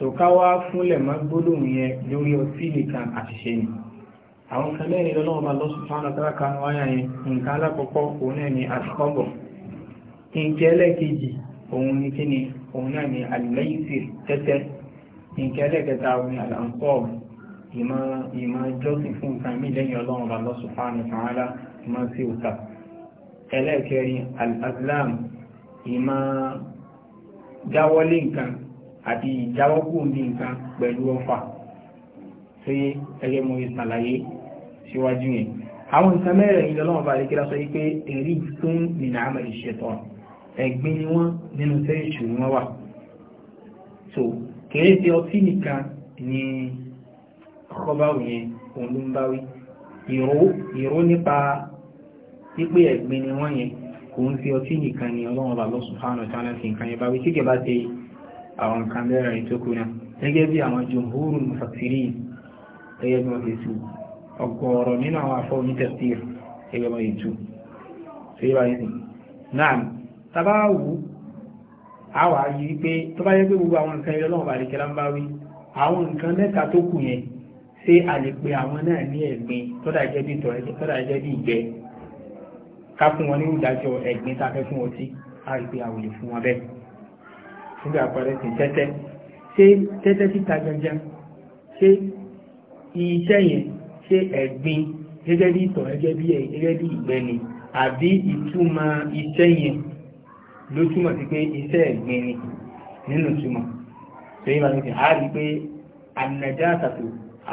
so ká wá fúnlẹ̀ má gbólóhùn yẹn lórí ọtí nìkan àṣìṣe ni àwọn kan lẹ́yìn lọ́nà ọba lọ́sùn fáwọn àtàrà kanú wáyà yẹn nǹkan alákọ̀ọ́kọ́ òun náà ni àṣìkọ́bọ̀ nǹkan ẹlẹ́kejì òun ni kí ni òun náà ni àlùlẹ́yìnsì tẹ́tẹ́ nǹkan ẹlẹ́kẹta òun ni àlàǹkọ́ọ̀bù ìmọ̀ ìmọ̀ fún nǹkan mí lẹ́yìn ọlọ́run ọba lọ́sùn fáwọn àtàrà ìmọ̀ sí òkà ẹlẹ́kẹrin al ìmọ̀ dáwọ́lé nǹkan àti ìjáwọ́kù ní nǹkan pẹ̀lú ọfà tí ẹgbẹ́ mú ìsàlàyé síwájú yẹn àwọn nǹkan mẹ́rẹ̀ ilẹ̀ ọlọ́run bá rí kíra sọ wípé ẹ̀rí fún nínú àmà ìṣẹ̀tọ̀ ẹ̀gbin ni wọ́n nínú tẹ́ ìṣù ni wọ́n wà so kìí ṣe ọtí nìkan ni ọkọ̀báwò yẹn òun ló ń báwí ìró ìró nípa wípé ẹ̀gbin ni wọ́n yẹn òun ṣe ọtí nìkan ni ọlọ́run bá lọ́sùn fáwọn ọ̀tá náà fi nǹkan yẹn báwí tí kìí bá ṣe àwọn nǹkan mẹ́rin tó kú náà gẹ́gẹ́ bí àwọn jùmhúrù mùsàtìrì gẹ́gẹ́ bí wọ́n ti tú ọgọ́rọ̀ nínú àwọn afọ́ ní tẹ̀síìr gẹ́gẹ́ bí wọ́n ti tú ṣe bá yìí náà tábà wù á wà á yí pé tó bá yẹ pé gbogbo àwọn nǹkan ilé ọlọ́run àlekẹ́ lá ń bá wí àwọn wọn ní ìdájọ́ ẹ̀gbin fẹ́ fún ọtí á rí fún wọn bẹ́ẹ̀ nígbà àpẹẹrẹ sí tẹ́tẹ́ ṣé tẹ́tẹ́ títa gangan ṣé iṣẹ́ yẹn ṣé ẹ̀gbin gẹ́gẹ́ bí ìtọ̀ gẹ́gẹ́ bí ẹ̀ gẹ́gẹ́ bí ìgbẹ́ni àbí ìtumọ̀ iṣẹ́ yẹn ló túmọ̀ sí pé iṣẹ́ ẹ̀gbin ni nínú túmọ̀ tó yẹ báyìí a rí pé ànàjá àtàtò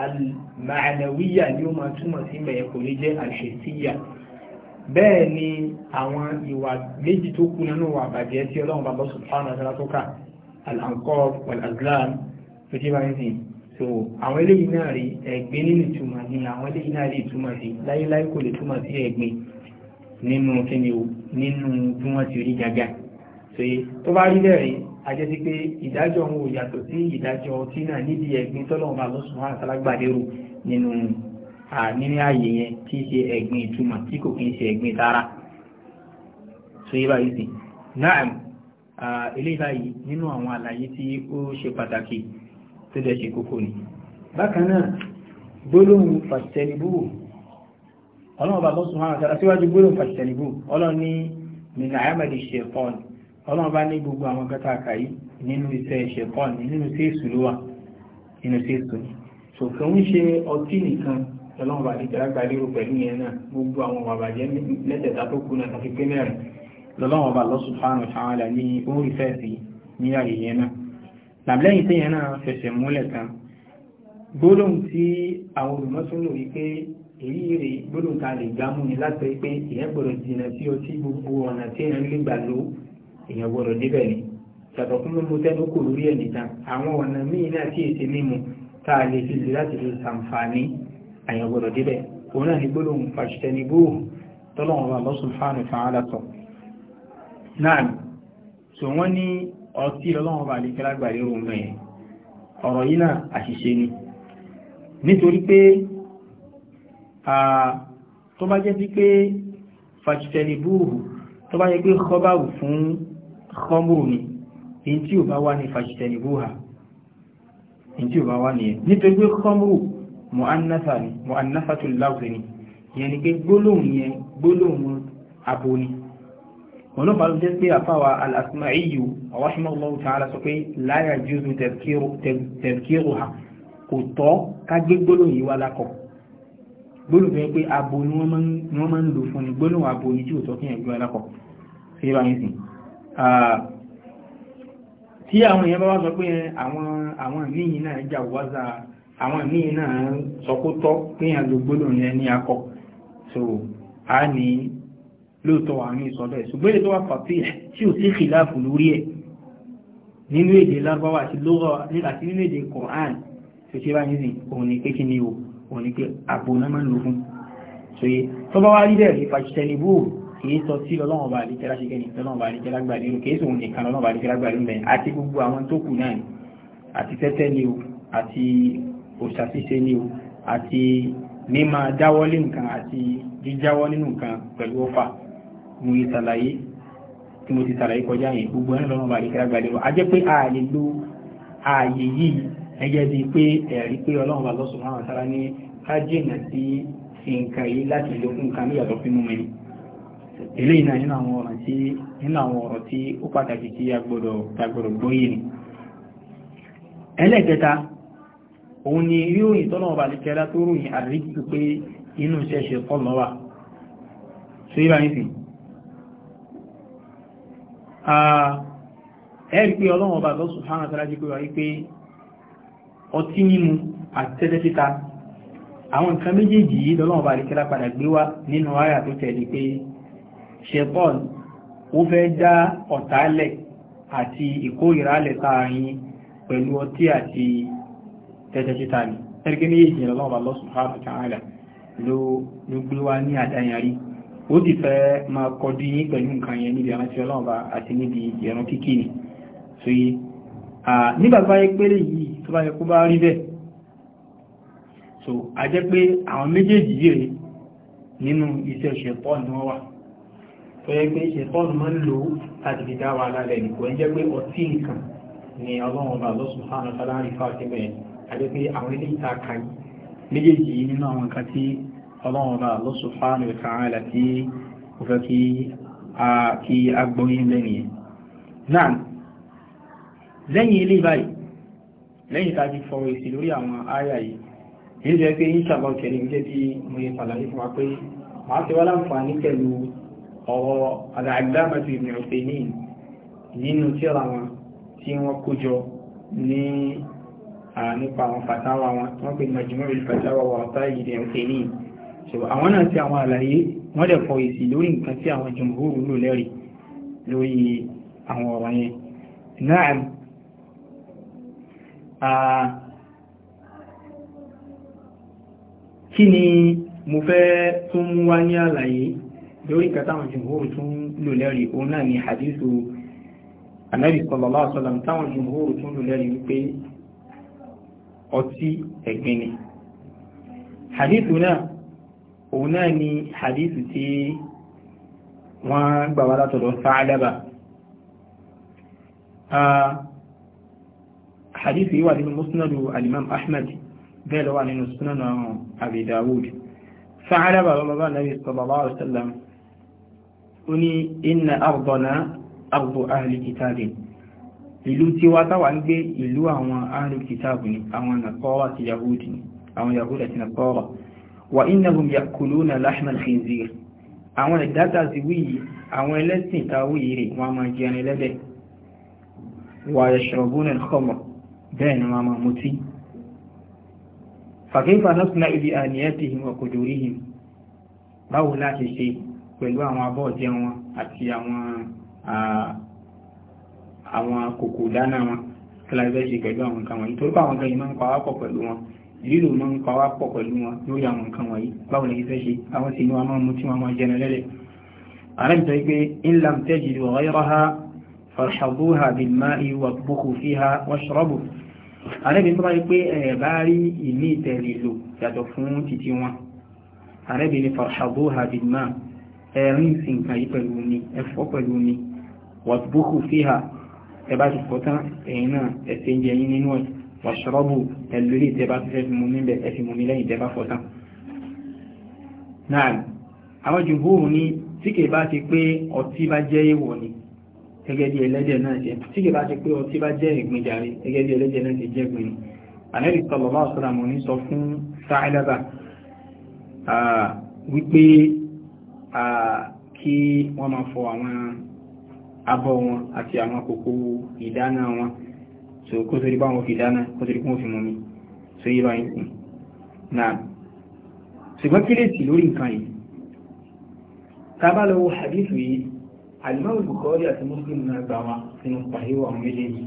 al-ma'nawiyya ni ó máa túmọ̀ sí mẹ́ẹ̀kọ́ lè bẹ́ẹ̀ ni àwọn ìwà méjì tó kú nínú wà bàjẹ́ tí ọlọ́run bàbá subhanahu wa ta'ala tó kà al-anqab wal-azlam tó jẹ́ báyìí sí so àwọn eléyìí náà rí ẹ̀gbin nínú ìtumọ̀ ní àwọn eléyìí náà rí ìtumọ̀ sí láyéláyé kò lè túmọ̀ sí ẹ̀gbin nínú kíni sí pé ìdájọ́ nínú ààyè yẹn tí í ṣe ẹ̀gbin ìtumọ̀ tí kò kí ń ṣe tara so yí báyìí sí náà eléyìí báyìí nínú àwọn àlàyé tí ó ṣe pàtàkì tó dẹ̀ ṣe kókó ni bákan náà gbólóhùn fàṣẹ̀nìbù ọlọ́run bá lọ́sùn máa tara síwájú gbólóhùn fàṣẹ̀nìbù ọlọ́run ní min amali ṣẹ̀kọ́n ọlọ́run bá ní gbogbo àwọn kẹta àkàyí nínú iṣẹ́ ṣẹ̀kọ́n nínú sí èsù ló wà nínú sí èsù ni so ń ṣe ọtí nìkan lọ́lọ́run bàdí ìjọba gba lérò pẹ̀lú yẹn náà gbogbo àwọn ọmọ àbàjẹ́ mẹ́tẹ̀ẹ̀ta tó kù náà tàbí pé mẹ́rin lọ́lọ́run ọba Allah subhanahu wa ta'ala ní ó ń rí fẹ́ẹ̀sì ní ààyè yẹn náà làbílẹ́yìn tí yẹn náà fẹsẹ̀ múlẹ̀ kan gbólóhùn tí àwọn olùmọ́sọ́lò yìí pé èyí rè gbólóhùn ta lè gbámú ni láti pé èyàn gbọ́dọ̀ jìnnà sí ọtí gbogbo ọ̀nà tí èyàn lè gbà lò èyàn gbọ́dọ̀ débẹ̀ ni yàtọ̀ fún mímu tẹ́nu kò lórí ẹ̀ nìkan àwọn ọ̀nà míì náà tí mímu tá a lè fi lè láti fi ṣàǹfààní àyàn gbọ́dọ̀ débẹ̀ òun náà ní gbólóhùn fajtanibuhu tọ́lọ́wọ́n Allah subhanahu wa ta'ala sọ náà so wọ́n ní ọtí lọ́wọ́n bá àdékẹ́lá gbàrí ohun náà yẹn ọ̀rọ̀ yìí náà àṣìṣe ni nítorí pé tó bá jẹ́ sí pé mọ̀ánnáfà ni mọ̀ánnáfàtò láwùrẹ́ ni ìyẹn ni pé gbólóhùn yẹn gbólóhùn abo ni wọn ló fàájú jẹ́ pé àfáwà al-asma'iyu rahimahullahu ta'ala sọ pé la yajuzu tadhkiruha kò tọ́ ká gbé gbólóhùn yìí wá lákọ̀ gbólóhùn yẹn pé abo ni wọ́n máa ń lò fún ni gbólóhùn abo ni tí ò tọ́ kí yẹn gbé wá lákọ̀ sí ibà yẹn sìn tí àwọn èèyàn bá wá sọ pé àwọn àwọn míì náà jà wáza àwọn míì náà sọkútọ́ pínyàn ló gbólóhùn yẹn ní akọ so a ní lóòótọ́ wà ní ìsọ̀dọ̀ ẹ̀ ṣùgbọ́n èdè tó wà fàtí tí ò sí ìfìláàfù lórí ẹ̀ nínú èdè lárúbáwá àti lóòrọ̀ àti nínú èdè Qur'an tó ṣe báyìí nìyí òun ni pé kí ni òun ni pé àbò náà máa ń lò fún so yé tó bá wá rí bẹ́ẹ̀ rí fàṣítẹ́nibú kìí sọ sí lọ́lọ́wọ́n bá àdíkẹ́ láṣẹ kẹ́ni lọ́lọ́wọ́n bá àdíkẹ́ lágbàdì rò kìí sòun nìkan lọ́lọ́wọ́n bá àdíkẹ́ lágbàdì rò bẹ́ẹ̀ àti gbogbo àwọn tó kù náà àti tẹ́tẹ́ ni o àti òṣàṣìṣe ni o àti mímá dáwọ́lé nǹkan àti jíjáwọ́ nínú nǹkan pẹ̀lú ọfà mo yí ṣàlàyé tí mo ti ṣàlàyé kọjá gbogbo ẹni lọ́nà bàlẹ̀ kíra a jẹ́ pé ààyè lo ààyè yìí ẹgẹ́ bíi pé ẹ̀rí pé ọlọ́run bàbá sọ̀rọ̀ àwọn sára ní sí nǹkan yìí láti nǹkan ni eléyìí náà nínú àwọn ọ̀rọ̀ tí nínú àwọn ọ̀rọ̀ tí ó pàtàkì tí a gbọ́dọ̀ gbọ́yè ni òun ni ríròyìn tọ́nà ọba àlekẹ́lá tó ròyìn àríkù pé inú ṣẹ̀ṣẹ̀ kọ́ lọ́wà ṣe ibà ní sí ẹ̀rí pé ọlọ́run ọba lọ́sùn fáwọn àtàlájí pé wà wípé ọtí mímu àti tẹ́tẹ́ títa àwọn nǹkan méjèèjì yìí lọ́lọ́run ọba àlekẹ́lá padà gbé wá nínú àyà tó tẹ̀lé pé ṣẹ̀pọ̀n ó fẹ́ dá ọ̀tálẹ̀ àti ìkórìírálẹ̀ sáàrin pẹ̀lú ọtí àti tẹ́tẹ́ títa ni ẹgbẹ́ méjèèjì lọ́wọ́ Allah subhanahu wa ta'ala ló gbé wá ní àdáyàrí ó sì fẹ́ máa kọjú yín pẹ̀lú nǹkan yẹn níbi àwọn tí ọlọ́run àti níbi ìran kíkì ni so yé nígbà tó bá yẹ pé yìí tó bá yẹ kó bá rí bẹ́ẹ̀ so a jẹ́ pé àwọn méjèèjì yìí rèé nínú iṣẹ́ ṣẹ̀pọ̀ ni wọ́n wà tó yẹ pé ṣẹ̀pọ̀nù máa ń lò láti fi dá wa lálẹ́ nìkan jẹ́ pé ọtí nìkan ni ọlọ́run lọ́sùn fáwọn ọ̀tá láàrin fáwọn tẹ́bẹ̀ẹ́ àjẹ́ pé àwọn ilé ìta méjèèjì nínú àwọn nǹkan tí ọlọ́run bá tí ó fẹ́ kí a kí a gbọ́yìn lẹ́yìn náà lẹ́yìn ilé báyìí lẹ́yìn tá a ti lórí àwọn áyà yìí èyí jẹ́ pé ìṣàbọ̀ bí mo yẹ fún wa pé ti wá láǹfààní pẹ̀lú ọ̀rọ̀ al-Allamah nínú nípa àwọn fàtàwà wọn wọ́n pè mọ̀jùmọ́ ìlú fàtàwà wà ọ̀tá ìdè ọ̀tẹ́ ní so àwọn náà ti àwọn àlàyé wọ́n dẹ̀ kọ èsì lórí nǹkan tí àwọn jùmùhúrù lò lẹ́rìí lórí àwọn ọ̀rọ̀ yẹn náà kí ni mo fẹ́ tún wá ní àlàyé lórí nǹkan táwọn jùmùhúrù tún lò lẹ́rìí òun náà ni hadithu anabi sallallahu alaihi ọtí ẹ̀gbin ni hadithu náà òun náà ni hadithu tí wọ́n gbà wá látọ̀dọ̀ sáàlẹ́bà hadithu yíwà nínú musnadu alimam ahmed bẹ́ẹ̀ lọ́wà nínú sunanu abi dawud sáàlẹ́bà lọ́lọ́bà nabi sallallahu alaihi wasallam ó ní inna ardana ardu ahli kitabin ìlú tí wá táwà ń gbé ìlú àwọn ahlul kitabu ni àwọn nàkọ́wà ti yahudi ni àwọn yahudi àti nàkọ́wà wa innahum yakuluna lahmal khinzir àwọn ìdáta sí wíyí àwọn ẹlẹ́sìn ta wíyí rẹ̀ wọ́n máa jẹun ẹlẹ́dẹ̀ wa yashrabuna al-khamr bẹ́ẹ̀ ni àwọn kòkò dáná wọn kíláàsì ṣe pẹ̀lú àwọn nǹkan wọ̀nyí torí pé àwọn nǹkan yìí máa ń pa wá pọ̀ pẹ̀lú wọn lílò máa ń pa wá pọ̀ pẹ̀lú wọn lórí àwọn nǹkan wọ̀nyí báwo lè fẹ́ ṣe àwọn sì ni wọn máa mú tí wọn máa jẹun lẹ́lẹ̀. ààrẹ mi sọ pé in lam tajidu ghayraha farhaduha bil ma'i wagbukhu fiha washrabu àrẹ́bí tó bá rí pé tẹ́bá ti pọ̀ tán ẹ̀yin náà ẹ̀sẹ̀ ń jẹ yín nínú ẹ̀ wàṣọ́rọ́bù ẹ̀lú ilé tẹ́bá ti fẹ́ fi mú mi bẹ̀ ẹ̀ fi mú mi lẹ́yìn tẹ́bá fọ́ tán. náà àwọn jùhóòrùn ní tí kìí bá ti pé ọtí bá jẹ́ èèwọ̀ ni gẹ́gẹ́ bí ẹlẹ́dẹ̀ náà jẹ́ tí kìí bá ti pé ọtí bá jẹ́ ìgbìnjàre gẹ́gẹ́ bí ẹlẹ́dẹ̀ náà ti jẹ́ gbìn ànẹ́rì sọlọ́lá ọ̀sọ́lá mo ní sọ fún sáìlábà wípé kí wọ́n máa fọ àwọn abọ́ wọn àti àwọn kòkó ìdáná wọn so kó torí bá wọn fi dáná kó torí kún fi mú mi so yí báyìí kù náà ṣùgbọ́n kílèsì lórí nǹkan yìí tábàlọ́wọ́ hadithu yìí alimami Bukhari àti Muslim náà gbà wá sínú pàhíwò àwọn méjèèjì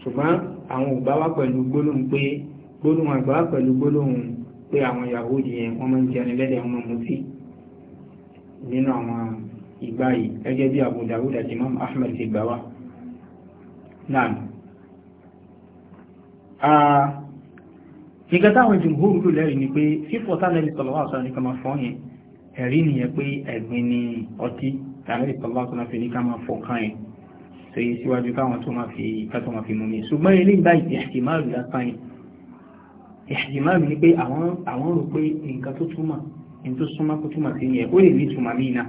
ṣùgbọ́n àwọn ò wá pẹ̀lú gbólóhùn pé gbólóhùn àgbà wá pẹ̀lú gbólóhùn pé àwọn Yahudi yẹn wọ́n máa ń jẹun lẹ́dẹ̀ẹ́ wọn mú sí nínú àwọn ìgbà yìí gẹ́gẹ́ bí Abu Dawud àti Imam Ahmad ti gbà wá náà nígbà táwọn jùmhóòrù ló lẹ́rìí ni pé fífọ́ tánẹ́lì sọ̀lọ́wọ́ àṣà ní ká máa fọ́ yẹn ẹ̀rí nìyẹn pé ẹ̀gbin ni ọtí tánẹ́lì sọ̀lọ́wọ́ àṣà náà fi ní ká máa fọ́ kán yẹn tó yẹ síwájú káwọn tó máa fi kátó máa fi mú mi ṣùgbọ́n ilé ìgbà ìhìmáàlù lásán yẹn ìhìmáàlù ni pé àwọn rò pé nǹkan tó túmọ̀ nǹkan tó súnmọ́ kó túmọ̀ sí yẹn ó lè ní túmọ̀ míì náà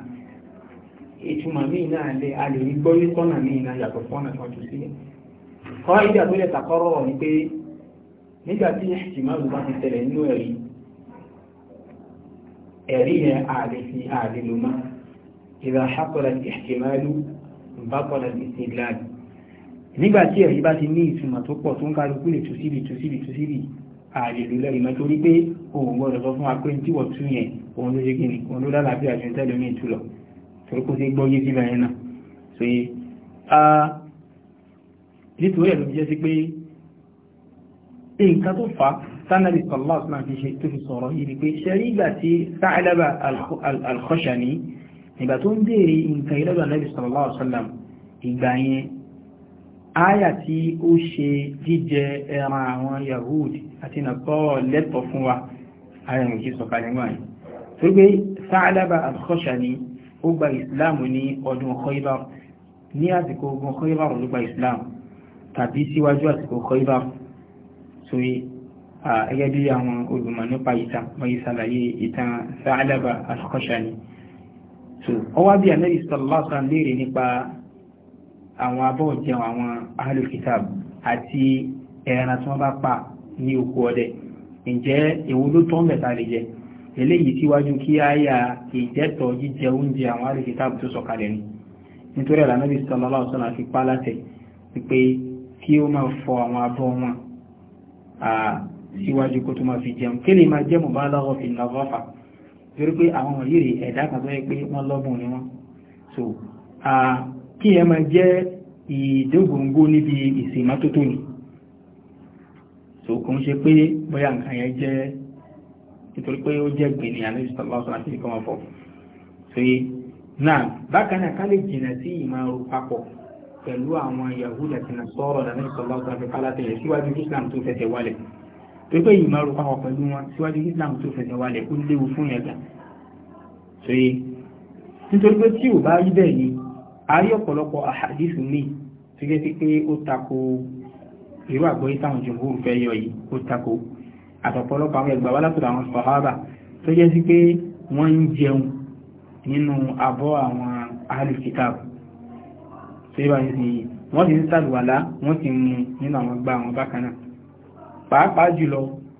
ìtumọ̀ míì náà lè a lè rí gbọ́yé sọ́nà míì náà yàtọ̀ sọ́nà tí wọ́n tún sílẹ̀. kọ́ ìdí àtúnyẹ̀ sàkọ́rọ̀ ni pé nígbà tí ìṣìmáàlú bá ti tẹ̀lẹ̀ nínú ẹ̀rí ẹ̀rí yẹn ààrẹ sí ààrẹ ló máa ìrà ṣàkọ́lá ìṣìmáàlú bá kọ́lá ìṣìláàlú nígbà tí ẹ̀rí bá ti ní ìtumọ̀ tó pọ̀ tó ń kálukú lè túsíbì túsíbì torí kó sí gbọ́ yé sí bẹ̀rẹ̀ náà so yé a nítorí ẹ̀ ló fi jẹ́ sí pé nǹkan tó fà sanabi sallallahu alaihi wasallam fi ṣe tó fi sọ̀rọ̀ yìí ni pé ṣẹ́rí ìgbà tí Sa'laba al-Khashani nígbà tó ń béèrè nǹkan ìlọ́dọ̀ anabi sallallahu alaihi wasallam ìgbà yẹn áyà tí ó ṣe jíjẹ ẹran àwọn yahudi àti nàtọ́ lẹ́tọ̀ fún wa ayẹ̀mùkí sọ̀kalẹ̀ wáyé tó gbé Sa'laba al-Khashani ó gba ìsìláàmù ní ọdún Khaybar ní àsìkò ogun Khaybar ló gba ìsìláàmù tàbí síwájú àsìkò Khaybar sórí ẹgẹ́ bí àwọn olùmọ̀ nípa ìtàn wọ́n yìí ṣàlàyé ìtàn Sa'laba al-Khashani so ọwá bí Ànábì sallallahu alaihi wasallam léèrè pa ní oko ọdẹ ǹjẹ́ èwo eléyìí síwájú kí á yà ìjẹ́tọ̀ jíjẹ oúnjẹ àwọn alìkítàbù tó sọ̀kalẹ̀ ni nítorí ẹ̀rọ anábì sallallahu alaihi wasallam fi pa láṣẹ wípé kí ó máa fọ àwọn abọ́ wọn síwájú kó tó máa fi jẹun kí lè máa jẹ́ mubalagha fi nadhafa torí pé àwọn wọ̀nyí rè ẹ̀dá kan tó yẹ pé wọ́n lọ́bùn ni wọ́n so kí ẹ máa jẹ́ ìdógóńgó níbi ìsìn ni so kò ń ṣe pé bóyá nǹkan yẹn jẹ́ nítorí pé ó jẹ́ gbìn ní àlejò sọlá sọlá sí ìkọ́mọ̀ fọ́ so yé náà bákan náà ká lè jìnà sí ìmọ̀ ooru papọ̀ pẹ̀lú àwọn Yahudi àti Nasara àlejò sọlá sọlá fi kálá tẹ̀lé síwájú Islam tó fẹsẹ̀ wálẹ̀ torí pé ìmọ̀ ooru papọ̀ pẹ̀lú wọn síwájú Islam tó fẹsẹ̀ wálẹ̀ ó léwu fún yẹn gà so yé nítorí pé tí ò bá rí bẹ́ẹ̀ ni a rí ọ̀pọ̀lọpọ̀ àhàdìsù míì àtọ̀pọ̀lọpọ̀ àwọn ẹgbàá látọ̀dọ̀ àwọn sọ̀hábà tó jẹ́ sí pé wọ́n ń jẹun nínú abọ́ àwọn alìkìtàb tó yẹ báyìí sí wọ́n ti ń sàlùwàlá wọ́n ti mú nínú àwọn gbá àwọn bákan náà pàápàá jùlọ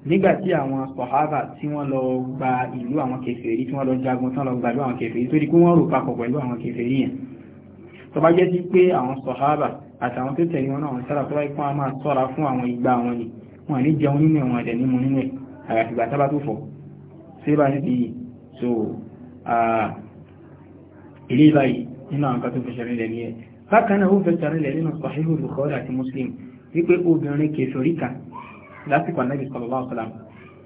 nígbà tí àwọn sọ̀hábà tí wọ́n lọ gba ìlú àwọn kèfèrí tí wọ́n lọ jagun tán lọ gba ìlú àwọn kèfèrí torí pé wọ́n rò papọ̀ pẹ̀lú àwọn kèfèrí yẹn tó bá jẹ́ sí pé àwọn sọ̀hábà àtàwọn tó tẹ̀lé wọn náà wọ́n sára tó bá ikú wọn máa sọ́ra fún àwọn ìgbà wọn ni wọn ní jẹun nínú ẹ̀wọ̀n ẹ̀dẹ̀ nímú nínú ẹ̀ àyàfìgbà tábà tó fọ̀ sí bá ní bíi so ilé báyìí nínú àwọn kan tó fẹsẹ̀ rinlẹ̀ ní ẹ̀ bákan náà ó fẹsẹ̀ rinlẹ̀ nínú Sahih Bukhari àti Muslim wípé obìnrin kẹfìrí kan lásìkò anábì sallallahu alaihi wasallam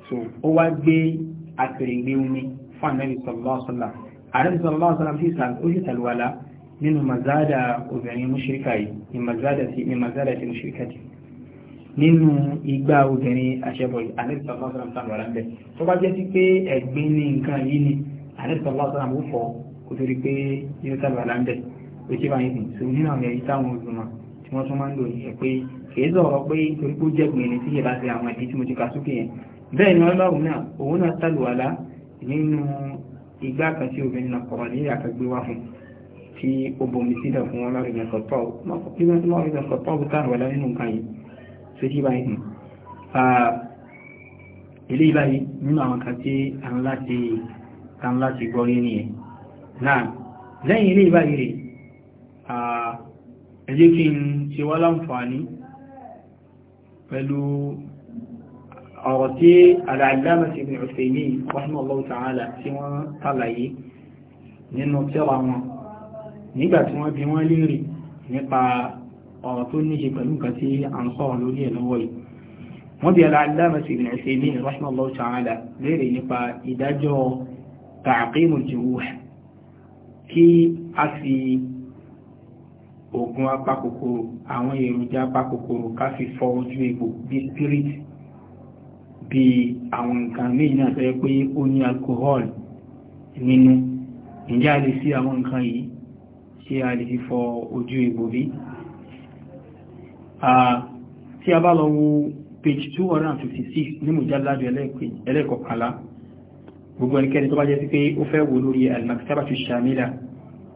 so ó wá gbé akèrègbè omi fún anábì sallallahu alaihi wasallam anábì sallallahu alaihi wasallam ó sì sàlùwàlá nínú mazada obìnrin nínú igbá obìnrin aṣẹ́bọ̀ àlẹ́sọ̀lọ́sọ̀rọ̀ sàmọ̀ rẹ̀ ń bẹ̀ tó bá jẹ́ ni àlẹ́sọ̀lọ́sọ̀rọ̀ ó fọ kó torí pé yóò sàmọ̀ rẹ̀ ń bẹ̀ ó ṣe báyìí sìn so nínú àwọn ẹ̀yí táwọn olùmọ̀ tí wọ́n tún máa ń lò yẹ pé ni ọlọ́run náà òun náà sàlùwàlá nínú igbá kan tí obìnrin náà kọ̀rọ̀ ní ìyàkàgbé wá fún tí ó bomi sílẹ̀ fún ọlọ́run ìgbẹ̀kọ̀tọ́ tó jí báyìí nù ilé ìbáyìí nínú àwọn kan tí a ń láti a ń láti gbọ́ rí ní ẹ̀ náà lẹ́yìn ilé ìbáyìí rẹ̀ ẹ kí n ṣe wá láǹfààní pẹ̀lú ọ̀rọ̀ tí al-Allāmah Ibn Uthaymeen rahimahullahu ta'ala tí wọ́n tàlàyé nínú tírà wọn nígbà ọ̀rọ̀ tó ní ṣe pẹ̀lú nǹkan tí a ń sọ̀rọ̀ lórí ẹ̀ lọ́wọ́ yìí wọ́n bí aláàdámà sí ibn Uthaymeen rahimahullah ta'ala léèrè nípa ìdájọ́ ta'qimu al-juruh kí a fi oògùn apakòkòrò àwọn èròjà apakòkòrò ká fi fọ ojú egbò bí spirit bí àwọn nǹkan míì náà tẹ́ pé ó ní alcohol nínú ǹjẹ́ a lè sí àwọn nǹkan yìí ṣé a lè fi fọ ojú egbò bí tí a bá lọ wo page 256 ní mùjáládù ẹlẹ́kọ̀ọ́kànlá gbogbo ẹnikẹ́ni tó bá jẹ́ sí pé ó fẹ́ wò lórí al-maktabatu shamila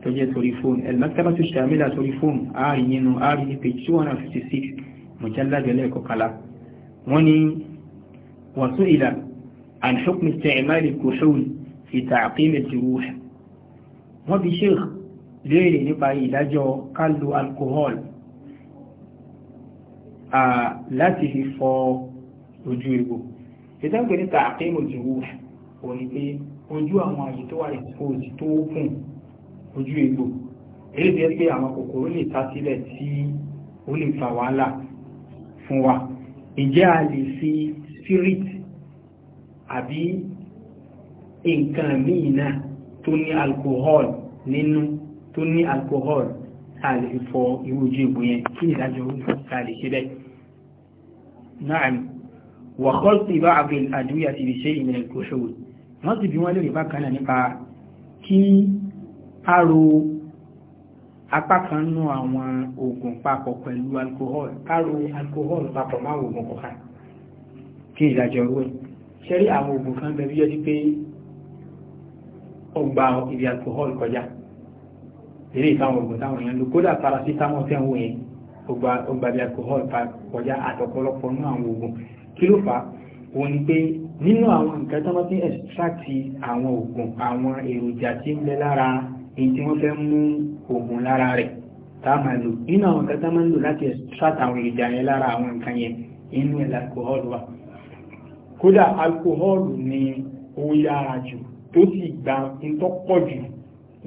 tó jẹ́ torí fóònù al nínú ààrí ní page 256 mùjáládù ẹlẹ́kọ̀ọ́kànlá wọ́n ní wàsú ìlà عن حكم استعمال الكحول في تعقيم الجروح وبشيخ ليري نبا إلاجو قالوا الكحول láti fi fọ ojú egbò ìtẹ́gbè ní tààkímù ti wù ò ní pé ojú àwọn àyè tó wà ìsìkòsì tó kùn ojú egbò èyí ti ẹ́ pé àwọn kòkòrò lè ta sílẹ̀ tí ó lè fa wàhálà fún wa ìjẹ́ a lè fi spirit àbí nǹkan míì náà tó ní alcohol nínú tó ní alcohol a lè fọ irú ojú egbò yẹn kí ìdájọ́ orí ká lè ṣe bẹ́ẹ̀ نعم وخلط بعض الأدوية بشيء من الكحول wọ́n ti bí wọ́n lè bá kan náà nípa kí a ro apá kan nú àwọn oògùn papọ̀ pẹ̀lú alcohol ká ro alcohol papọ̀ máa oògùn kọ̀ọ̀kan kí ìdájọ́ rú ẹ̀ ṣẹ́rí àwọn oògùn kan bẹ̀rẹ̀ yọ́ sí pé ọgbà ibi alcohol kọjá eré ìtàwọn oògùn táwọn èèyàn lò kódà paracetamol tẹ́wọ̀n yẹn ògbàbí alcohol kọjá àtọ̀pọ̀lọpọ̀ nínú àwọn oògùn kí ló fà òun ni pé nínú àwọn nǹkan tó wọ́n fi extract àwọn oògùn àwọn èròjà tí ń bẹ lára èyí tí wọ́n fẹ́ mú oògùn lára rẹ̀ tá a máa lò nínú àwọn nǹkan tó máa ń lò láti extract àwọn èròjà yẹn lára àwọn nǹkan yẹn inú ẹ̀ alcohol wà kódà alcohol ni ó yára jù tó sì gba ń tọ́pọ̀ jù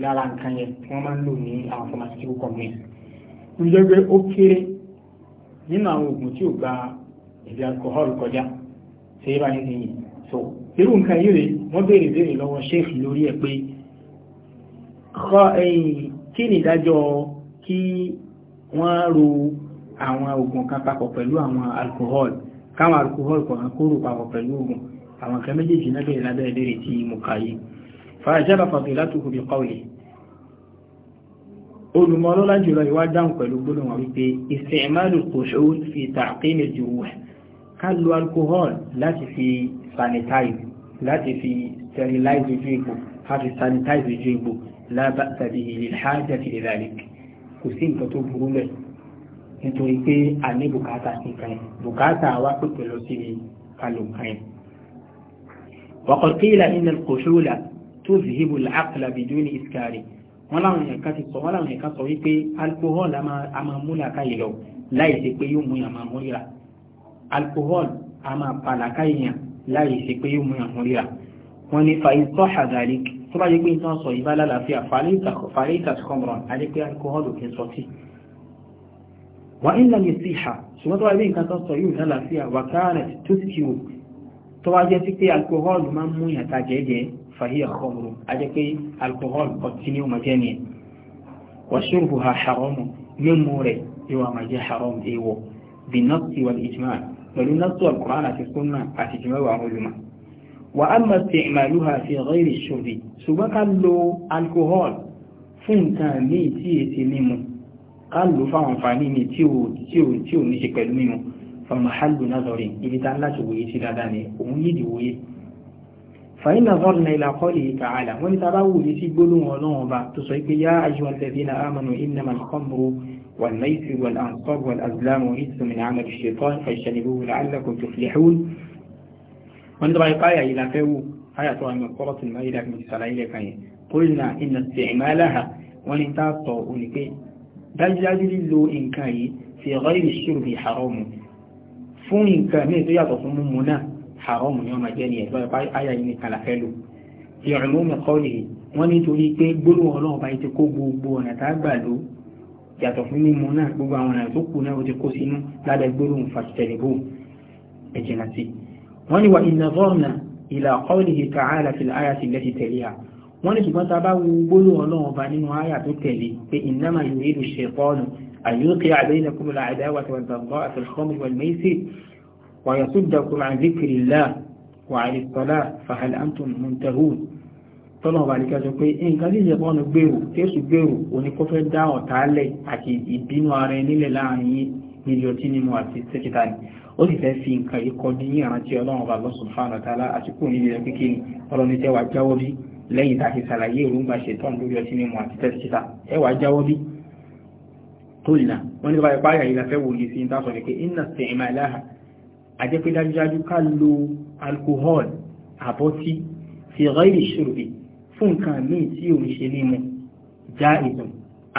lára nǹkan yẹn wọ́n máa ń lò ní àwọn pharmaceutical companies jẹ́ pé ó kéré nínú àwọn oògùn tí ò gba èdè alcohol kọjá ṣe é bá ní sẹ́yìn so irú nǹkan yìí rèé wọ́n béèrè béèrè lọ́wọ́ ṣéèkì lórí ẹ̀ pé kí ni ìdájọ́ kí wọ́n ro àwọn oògùn kan papọ̀ pẹ̀lú àwọn alcohol káwọn alcohol kọ̀ọ̀kan kó rò papọ̀ pẹ̀lú oògùn àwọn kan méjèèjì náà béèrè lábẹ́ ìbéèrè tí mo kà yìí fa ajaba fadilatuhu bi qawli olùmọ̀ lọ́lá jùlọ ìwá dáhùn pẹ̀lú gbólóhùn wípé ìsẹ̀málù kòṣòó fi tààkínì jùwọ̀ ká lo alcohol láti fi sanitize láti fi sterilize ojú egbò láti sanitize ojú egbò lába tàbí ìlhàjá ti lè rálẹ̀ kò sí nǹkan tó burú lẹ̀ nítorí pé a ní bùkátà sí kan bùkátà wá pèpè lọ sí kálò kan wàkọ̀kílà iná kòṣòó la tó zìhìbù làákàlà bìdúnì ìskárì wọ́n láwọn èèyàn kan ti sọ wọ́n láwọn èèyàn kan sọ wípé alcohol a máa mú làákàyè lọ láì ṣe pé yóò mú yàn máa mú ríra alcohol a máa pa làákàyè yàn láì ṣe pé yóò mú yàn mú ríra wọ́n ní fa ìtọ́ àdàrí tó bá yẹ pé ìtàn sọ ìbá lálàáfíà fàrí ìtàkùnkọ̀mọ̀ràn a pé alcohol ò kí ń sọtí wọ́n ń lọ ní síhà ṣùgbọ́n tó wá ilé nǹkan tó sọ yóò lálàáfíà wà tó sì kí wò tó wá jẹ́ fàhíyà khamru ajẹ́ pé alcohol ọtí ni ó máa jẹ́ ni ẹ̀ wà ṣùrùbù ha haramu mímú rẹ̀ yóò máa jẹ́ haram èèwọ̀ bí nọ́ọ̀sì wà ìjìmá pẹ̀lú nọ́ọ̀sì alquran àti sunna àti ìjìmá wà àwọn olùmọ̀ wà á máa ṣe ìmàlú ha fi ghairi ṣòrí ṣùgbọ́n ká lo alcohol fún nǹkan míì tí èsì mímu ká lò fáwọn àǹfààní mi tí ò ní ṣe pẹ̀lú mímu fọmọ hàlù náà ibi tá ńlá ṣòwòye sí dáadáa ni òun yìí dìwòye فإن نظرنا إلى قوله تعالى وإن تروا يسبلون ونوبا تصيب يا أيها الذين آمنوا إنما الخمر والميسر والأنصار والأزلام وإنس من عمل الشيطان فاجتنبوه لعلكم تفلحون وانت بقى آية إلى فيه آية من قرة المائلة من سلائل قلنا إن استعمالها ونتاطع لكي بل جادل ذو إن كاي في غير الشرب حرام فون كاميه يا تصمم منه haramu ni wọ́n máa jẹ́ ní ẹ̀gbọ́n ẹ̀pá àyà yìí nìkan la fẹ́ lò ti ọ̀rùn mi kọ́ lè wọ́n nítorí pé gbólóhùn ọlọ́run báyìí ti kó gbogbo ọ̀nà tá a gbà lò yàtọ̀ fún mímu náà gbogbo àwọn ọ̀nà tó kù náà ó ti kó sínú lábẹ́ gbólóhùn fàtẹ̀lẹ́bù ẹ̀jìnà sí wọ́n ní wa ìnàzọ́ọ̀nà ìlà qawlihi ta'ala fil ayati allati taliha wọ́n ní ṣùgbọ́n tàbá wo gbólóhùn ọlọ́run bá nínú àyà tó tẹ̀lé pé innama yuridu shaytanu an yuqi'a bainakumul adawata wal baghdha'a fil khamri wal maisir ويصدكم عن ذكر الله وعن الصلاة فهل أنتم منتهون tọ́lọ̀ bá nìkan sọ pé nǹkan tí ìjẹ̀bọ́n ní gbèrò tẹ́sù gbèrò oníkọ́fẹ́ dá ọ̀tálẹ̀ àti ìbínú ara ẹni nílẹ̀ láàrin yín níbi ọtí nínú àti sẹ́kítà ni ó sì fẹ́ fi nǹkan yìí kọ́ dín ìrántí ọlọ́run bá lọ́sùn fún àlọ́tálá àti kúrò níbi ẹ̀ kékeré ọlọ́run tẹ́ wàá jáwọ́ bí lẹ́yìn tá a fi ṣàlàyé èròǹgbà ṣetán lórí ọtí nínú àti sẹ́kítà ẹ wàá jáwọ́ bí àjẹ́ pé dájúdájú ká lo alcohol àbọ́tí fi ghairi shurbi fún nǹkan míì tí ò ń ṣe nímú já ìdùn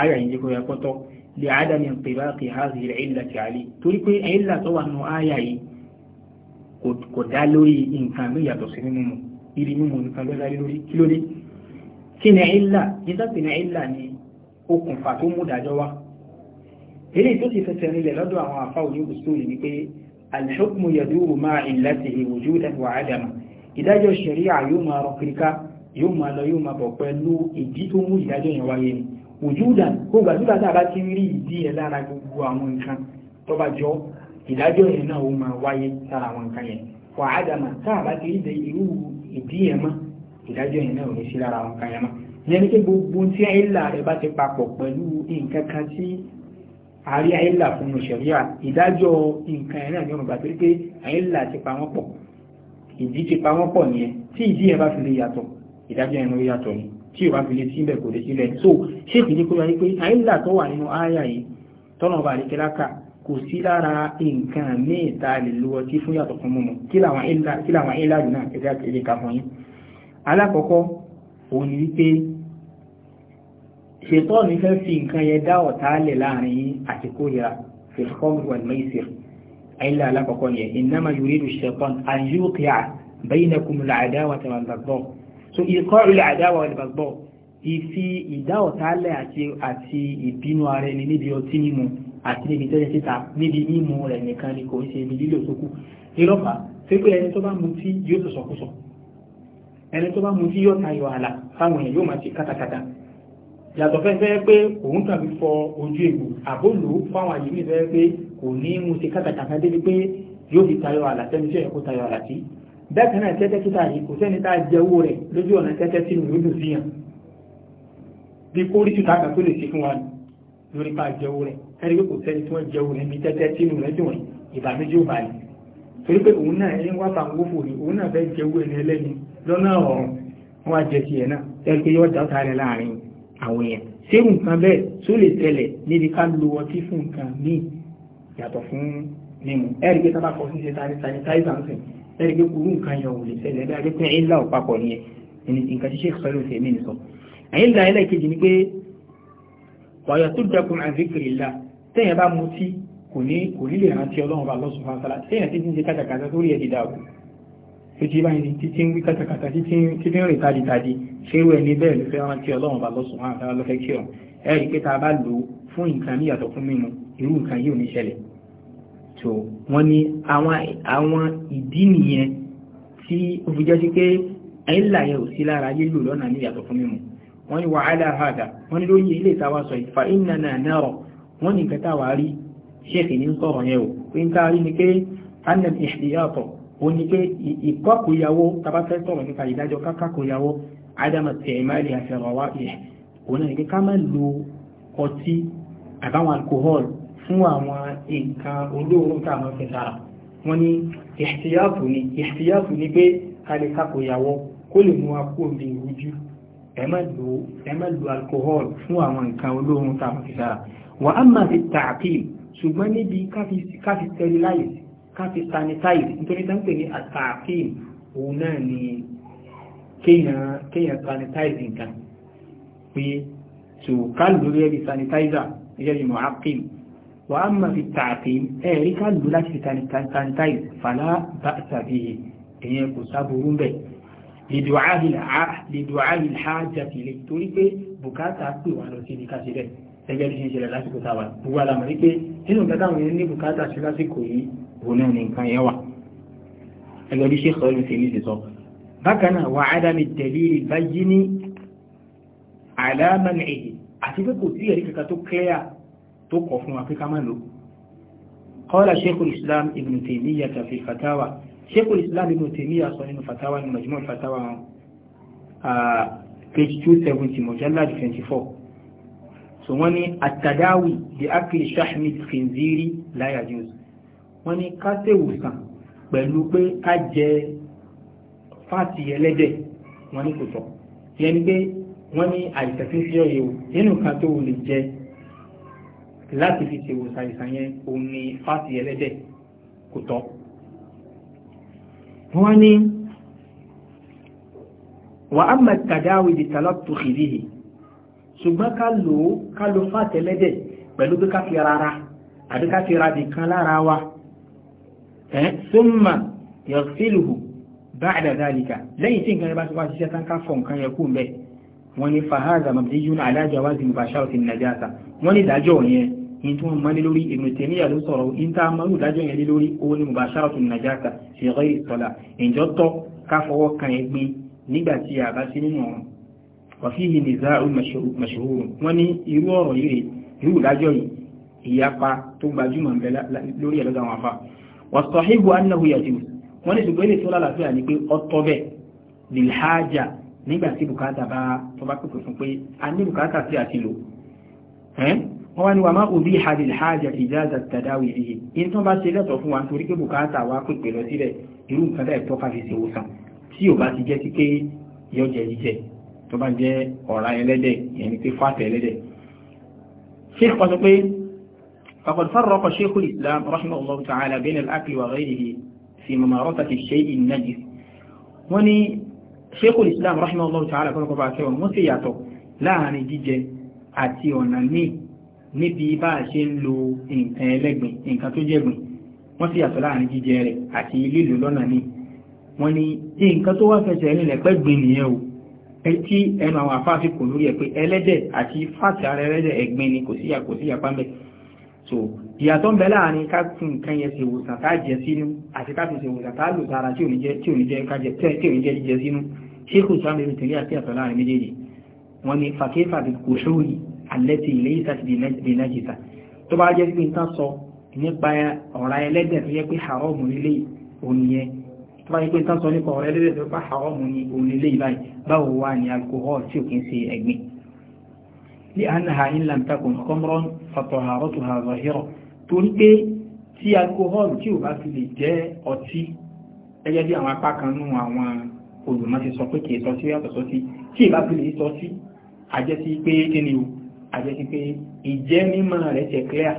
ayà ìjẹ́ kó yẹ kọ́tọ́ lè àádámi pèbáàkì hazi rẹ̀ ìlà ti àlè torí pé ìlà tó wà nù ayà yìí kò dá lórí nǹkan míì yàtọ̀ sí mímú ìrì mímú nǹkan lọ́dá lórí kí ló dé kí ni ìlà ìsàpè ni ìlà ni okùnfà tó mú dájọ́ wá eléyìí tó ti fẹsẹ̀ rinlẹ̀ lọ́dọ̀ àwọn àfáwọn yóò الحكم يدور مع علته وجودا وعدما ìdájọ́ ṣẹ̀ríà yóò máa rọ kíríká yóò máa lọ yóò máa bọ̀ pẹ̀lú ìdí tó mú ìdájọ́ yẹn wáyé ni òjúdà kó gbàdúrà tá a bá ti rí ìdí ẹ̀ lára gbogbo àwọn nǹkan tó bá jọ ìdájọ́ yẹn náà ó máa wáyé lára àwọn nǹkan yẹn wà á dàmà tá a bá ti rí irú ìdí yẹn mọ́ ìdájọ́ yẹn náà ò ní sí lára àwọn nǹkan yẹn mọ́ ìyẹn ni pé gbogbo tí ẹ̀ ń là rẹ̀ bá ti papọ̀ pẹ̀lú nǹkan kan tí àárí àìlà fún òṣèríà ìdájọ́ nǹkan ẹ̀rẹ́ ní ọ̀nà pé àìlà ti pa wọ́n pọ̀ ìdí ti pa wọ́n pọ̀ nìyẹn tí ìdí ẹ̀ bá fi lè yàtọ̀ ìdájọ́ ẹ̀nu yàtọ̀ ni tí ò bá fi lè sí ibẹ̀ kò lè sílẹ̀ so ṣé kìí kó yọrí pé àìlà tó wà nínú ááyà yìí tọ́nà bá lè kíláka kò sí lára nǹkan míì ta lè lo ọtí fún yàtọ̀ fún mímu kí làwọn àìlà náà ẹ̀dá kiri kà fún yín ṣètọ́ọ̀nù fẹ́ fi nǹkan yẹn dá ọ̀tá lẹ̀ láàrin yín àti kórìíra fìlkọ́mù wal maisir ayílẹ̀ alákọ̀ọ́kọ́ yẹn innama yuridu ṣẹ̀tọ́ọ̀nù an yuqi'a baynakum al-adawata wal baghdha' so ikọ́ ilẹ̀ àdáwà wal baghdha' ìfi ìdá ọ̀tálẹ̀ àti ìbínú ara ẹni níbi ọtí mímu àti níbi tẹ́lẹ̀ síta níbi mímu rẹ̀ nìkan ni kò ń ṣe ibi lílò sókú ìrọ́fà tí pé ẹni tó bá yàtọ̀ fẹ́ fẹ́ pé òun kàn fi fọ ojú ègbò àbólò fáwọn àyè mi fẹ́ pé kò ní mú ṣe kátàkátà débi pé yóò fi tayọ àlà tẹ́ni tí ẹ̀kọ́ tayọ àlà sí bẹ́ẹ̀ kan náà tẹ́tẹ́ títà yìí kò sẹ́ni tá a jẹ owó rẹ̀ lójú ọ̀nà tẹ́tẹ́ sínú yóò dùn síyàn bí kórì títà kan tó lè ṣe fún wa lórí pa jẹ owó rẹ̀ ẹni pé kò sẹ́ni tí wọ́n jẹ owó rẹ̀ bí tẹ́tẹ́ sínú rẹ̀ dùn rẹ̀ ìbànújẹ́ ò báyìí torí pé òun náà ẹni wá fa owó fòrí òun náà fẹ́ jẹ owó ẹni ẹlẹ́ni àwọn yẹn ṣé nǹkan bẹ́ẹ̀ tó lè tẹ̀lẹ̀ níbi ká lo ọtí fún nǹkan míì yàtọ̀ fún mímu ẹ̀rí pé tábà kọ sí ṣe sanitizer ń sìn ẹ̀rí pé kúrú nǹkan yẹn ò lè tẹ̀lẹ̀ bí ajẹ́ pé ẹ̀yìnlá ò papọ̀ nìyẹn nǹkan ṣiṣẹ́ ìsọ́lù ṣe mí nìsọ. ẹ̀yìnlá ẹlẹ́kejì ni pé wàyọ̀ tó dẹkùn àzíkìrìlá tẹ́yìn bá mutí kò ní lè rántí ọlọ́run bá lọ́sùn fún asálà tẹ́yìn tí ń ṣe kájàkájà tó rí ẹ̀ tó ti báyìí ní títí ń wí kàtàkàtà títí ń rìn tadìtadì ṣérú ẹni bẹ́ẹ̀ ló fẹ́ rántí ọlọ́run bá lọ́sùn wọn àtàwọn lọ́fẹ́ kí ọ ẹ rí pé ta bá lò ó fún nǹkan ní ìyàtọ̀ fún mímu irú nǹkan yìí ò ní ṣẹlẹ̀ tó wọ́n ní àwọn ìdí nìyẹn tí ó fi jẹ́ sí pé ẹ̀ńlà yẹn ò sí lára lílò lọ́nà ní ìyàtọ̀ fún mímu wọ́n ní wàhálà àhàdà wọ́n ní lóye ilé ìtawà sọ ìfà ìnana náà wọ́n ní òun ni pé ìkọ́kù ìyàwó tàbá fẹ́ sọ̀rọ̀ nípa ìdájọ́ kákàkù ìyàwó ádámà tẹ̀ ìmáìlì àfẹ́rọ̀wá ẹ̀ òun náà ni pé ká má lo ọtí àbáwọn alcohol fún àwọn nǹkan olóòórùn tá a máa fi sára wọ́n ní ìhtìyàfù ni ìhtìyàfù ni pé ká lè kákò ìyàwó kó lè mú wa kó omi ẹ má lo ẹ fún àwọn nǹkan olóòórùn tá a máa sára wà á máa fi tààkì ṣùgbọ́n níbi ká fi sterilize káfí sanitize nítorí tó ń pè ní àtàkìm òun náà ni kéèyàn sanitize nǹkan pé tó kálù lórí ẹbí sanitizer gẹ́gẹ́ bí mọ̀ákìm wà á mọ̀ fi tààkìm ẹ̀rí kálù láti fi sanitize fàlá bá tàbí èèyàn kò sáburú bẹ̀ lìdùá ìlhá jàfìlẹ̀ torí pé bùkátà pè wà lọ sí ibi káṣí gẹ́gẹ́ bí ṣe ṣẹlẹ̀ lásìkò táwa gbogbo àlàmọ̀ ní pé nínú nǹkan táwọn èèyàn ní bùkátà sí lásìkò yìí òun náà ní nǹkan yẹn wà gẹ́gẹ́ bí ṣe sọ́ọ́lù ṣe ní ṣe sọ. bákan náà wà ádámì tẹ̀lé ìbájí ní àdámà nìyí àti pé kò sí ẹ̀rí kankan tó kílẹ̀yà tó kọ̀ fún wa pé lò. qala sheikhul islam ibn taymiyyah fi fatawa sheikhul islam ibn taymiyyah sọ nínú fatawa nínú majmu' fatawa ah, page two seventy mujallad twenty four so wọ́n ní àtàdáwì di akil shahmid khinziri láyà jùs wọ́n ní ká ṣèwòsàn pẹ̀lú pé ká jẹ fáàtì ẹlẹ́dẹ̀ wọ́n ní kò tọ́ yẹn ni pé wọ́n ní àìsàn tí nínú kan tó lè jẹ láti fi ṣèwòsàn àìsàn yẹn òun ni fáàtì ẹlẹ́dẹ̀ kò tọ́ wọ́n ní wàá mẹ́tàdáwì di tàlọ́tù kìdíhì ṣùgbọ́n ká lò ó ká lo fàtẹ́lẹ́dẹ̀ pẹ̀lú pé ká fi rárá àbí ká fi radì kan lára wa ẹ̀ summa yaghsiluhu ba'da dhalika lẹ́yìn tí nǹkan yẹn bá ti wá ṣiṣẹ́ tán ká fọ nǹkan yẹn kú mbẹ́ wọ́n ní fahaza mabdiyun ala jawazi mubasharati najasa wàfíhì nìzá mashhur wọ́n ní irú ọ̀rọ̀ yìí irú ìdájọ́ yìí ìyapa tó gbajúmọ̀ ń bẹ lórí ẹ̀ lọ́dọ̀ àwọn afá wàsọ̀híhù annahu yajuz wọ́n ní ṣùgbọ́n ilé tó lálàáfíà ni pé ọtọ́ bẹ̀ lilhaja nígbà tí bùkátà bá tó bá pèpè fún pé a ní bùkátà sí àti lò wọ́n wá ní wà máa òbí ìhàdì ìhàjà ìjáza tàdáwì ìhì in tó bá ṣe lẹ́tọ̀ fún wa torí pé bùkátà wá pèpè lọ sílẹ̀ irú nǹkan tẹ́ tọ́ka fi ṣe wòsàn tí ò bá ti jẹ́ sí pé yọjẹ jíjẹ tó bá jẹ́ ọ̀rá ẹlẹ́dẹ̀ ìyẹn ni pé fàtẹ̀ ẹlẹ́dẹ̀ sheikh kan sọ pé فقد فرق شيخ الإسلام رحمه الله تعالى بين الأكل وغيره في ممارسة الشيء النجس وني شيخ الإسلام رحمه الله تعالى كما قبع سيوان وسيعته láàrin jíjẹ àti ọ̀nà míì níbi bá a ṣe ń lo nǹkan ẹlẹ́gbìn nǹkan tó jẹ́gbìn wọ́n sì yàtọ̀ láàrin jíjẹ rẹ̀ àti lílò lọ́nà wọ́n ní nǹkan tó wá fẹsẹ̀ nílẹ̀ pẹ́gbìn nìyẹn o ẹtí ẹnu àwọn àfáàfi kò lórí ẹ̀ pé ẹlẹ́dẹ̀ àti fáàtì ara ẹlẹ́dẹ̀ ẹ̀gbin ni kò síyà kò síyà pàmbẹ̀ so ìyàtọ̀ ń bẹ láàrin ká fi nǹkan yẹn ṣe ìwòsàn ká jẹ sínú àti ká fi ṣe ìwòsàn ká lò sára tí ò ní jẹ tí ò ní jẹ ká jẹ tẹ tí ò ní sínú ni fàkéfà bí kò ṣóòyì àlẹ́tì ilé yìí sáti tó bá yẹ pé tán sọ nípa ọ̀rẹ́ lẹ́lẹ́ tó bá haramu ni òun ilé ìbáyìí báwo wà ní alkohol tí ò kí ń ṣe ẹ̀gbin lè anaha in lam takun khamran fataharatuha zahira torí pé tí alkohol tí ò bá fi lè jẹ́ ọtí ẹgẹ́ bí àwọn apá kan nú àwọn olùmọ̀ ti sọ pé kì í sọ yàtọ̀ sọ tí ì bá fi lè sọ àjẹsí pé kí ni o àjẹsí pé ìjẹ́ mímọ́ rẹ̀ ṣe clear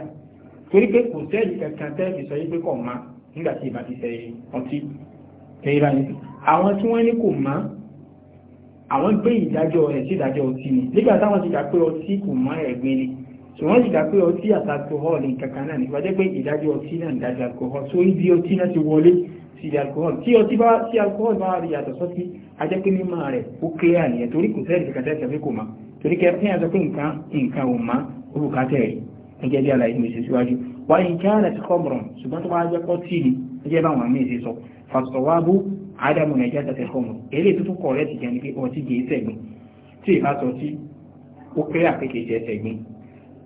torí pé kò sẹ́yìn kankan tẹ́ẹ̀fì sọ yí pé kọ̀ ma nígbà tí ìbá ti sẹ́yìn ọtí kẹ́yìnbá ní àwọn tí wọ́n ní kò má àwọn gbé ìdájọ́ ẹ̀ sí ìdájọ́ ọtí ni nígbà táwọn ti gbà pé ọtí kò má ẹ̀gbin ni ṣùgbọ́n ti gbà pé ọtí àti alcohol nǹkan kan náà nípa jẹ́ pé ìdájọ́ ọtí náà ìdájọ́ alcohol so ibi ọtí náà ti wọlé sí alcohol tí ọtí bá sí alcohol bá rí yàtọ̀ sọ́tí ajẹ́ pé mímọ́ rẹ̀ ó kéré àníyàn torí kò sẹ́ẹ̀lì kankan tẹ́sẹ̀ pé kò má torí kẹ́ fẹ́ àjọ pé nǹkan nǹkan ò má ó bùkátẹ̀ rí ẹjẹ́ bí àlàyé mi ṣe síwájú wáyé nǹkan rẹ̀ ti kọ́ mọ̀ràn ṣùgbọ́n tó bá jẹ́ pọ́ tí ni ẹjẹ́ báwọn àmì ìṣe sọ fàṣọwábù ádámù nàìjíríà tàbí ọmọ eré tuntun kọ̀ rẹ̀ ti jẹ́ ni pé ọtí kìí ṣẹ̀gbin tí ìbá sọ tí ó kílẹ̀ àpé kìí jẹ́ ṣẹ̀gbin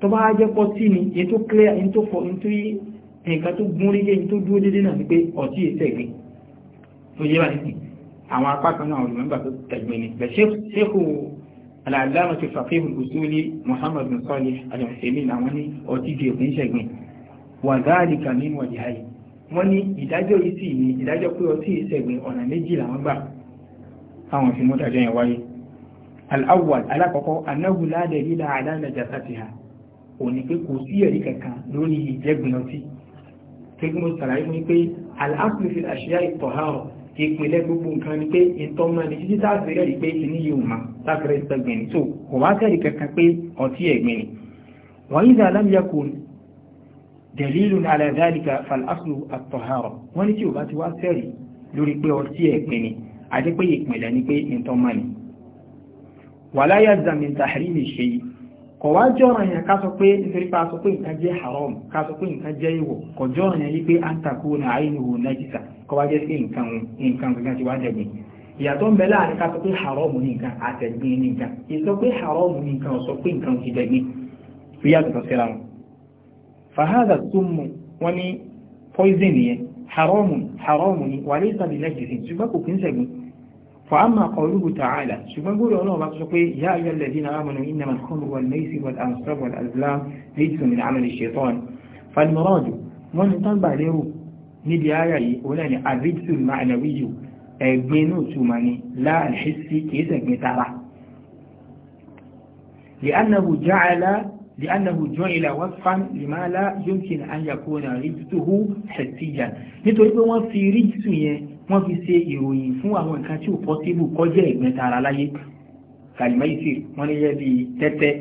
tó bá jẹ́ pọ́ tí ni èyí tó kílẹ̀ èyí tó fọ èyí tó yí nǹkan tó gún rí èyí tó dúró dédé náà ni pé ọtí yìí ṣẹ̀gbin tó yé wà nísìn àwọn apá Muhammad bin Salih al-Uthaymeen àwọn ní ọtí kìí ṣẹ̀gbin wọ́n ní ìdájọ́ yìí sì ní ìdájọ́ pé ọtí ìṣẹ̀gbìn ọ̀nà méjì làwọn gbà táwọn fi mú dájọ́ yẹn wáyé al-awwal alákọ̀ọ́kọ́ annahu la dalila ala najasatiha ò ní pé kò sí ẹ̀rí kankan lórí ìjẹ́gbìn ọtí gẹ́gẹ́ mo sàlàyé fún pé al-aslu fil ashya'i at-tahara ìpìlẹ̀ gbogbo nǹkan ni pé ìtọ́ mọ́ ni títí táàfẹ́rẹ́ rí pé kìíní yìí mà táàfẹ́rẹ́ ìtọ́gbìn ni tó kò wá sẹ́rí kankan pé ọtí ẹ̀gbìn ni wọ́n yí دليل على ذلك فالأصل الطهارة ونتيو باتي واسري لوري بي وسيه كني عدي بي ولا يلزم من تحريم الشيء kọ̀wá jọ́ràn yẹn ká sọ pé nítorí pa sọ pé nǹkan jẹ́ haram ká sọ pé nǹkan jẹ́ ìwọ̀ kọ̀ jọ́ràn yẹn wípé a ń takú ní àìníhù nájísà kọ́ wá jẹ́ sí nǹkan ìyàtọ̀ ń bẹ láàrin ká pé haram ní àtẹ̀gbìn ní ìsọ pé haram ní nǹkan pé nǹkan ti dẹ̀gbìn fi yàtọ̀ síra wọn fàhádà súnmù wọn ní poison yẹn haramun haramun ni wà lẹ́sà bí lẹ́jìsìn ṣùgbọ́n kò kín sẹ̀gùn fàámà qawluhu ta'ala ṣùgbọ́n gbọ́dọ̀ ọlọ́run bá sọ pé yá ayọ́ lẹ́dí na amanu innama al-khamru wal maisi wal ansab wal azlam rijsun min amali shaitan falmuradu wọn ni tán gbà lérò níbi ara yìí òun náà ni ar-rijsul ma'nawiyyu ẹ̀gbin inú ìtumọ̀ ni la al-hissi kìí sẹ̀gbin tara لأنه جعل لأنه جعل وصفا لما لا يمكن أن يكون رجته حسيا nítorí pé wọ́n fi ríjìtù yẹn wọ́n fi ṣe ìròyìn fún àwọn nǹkan tí ò pọ́síbù kọjá ìgbẹ́ta ara láyé kàlìmá yìí sì wọ́n ní yẹ́ bí tẹ́tẹ́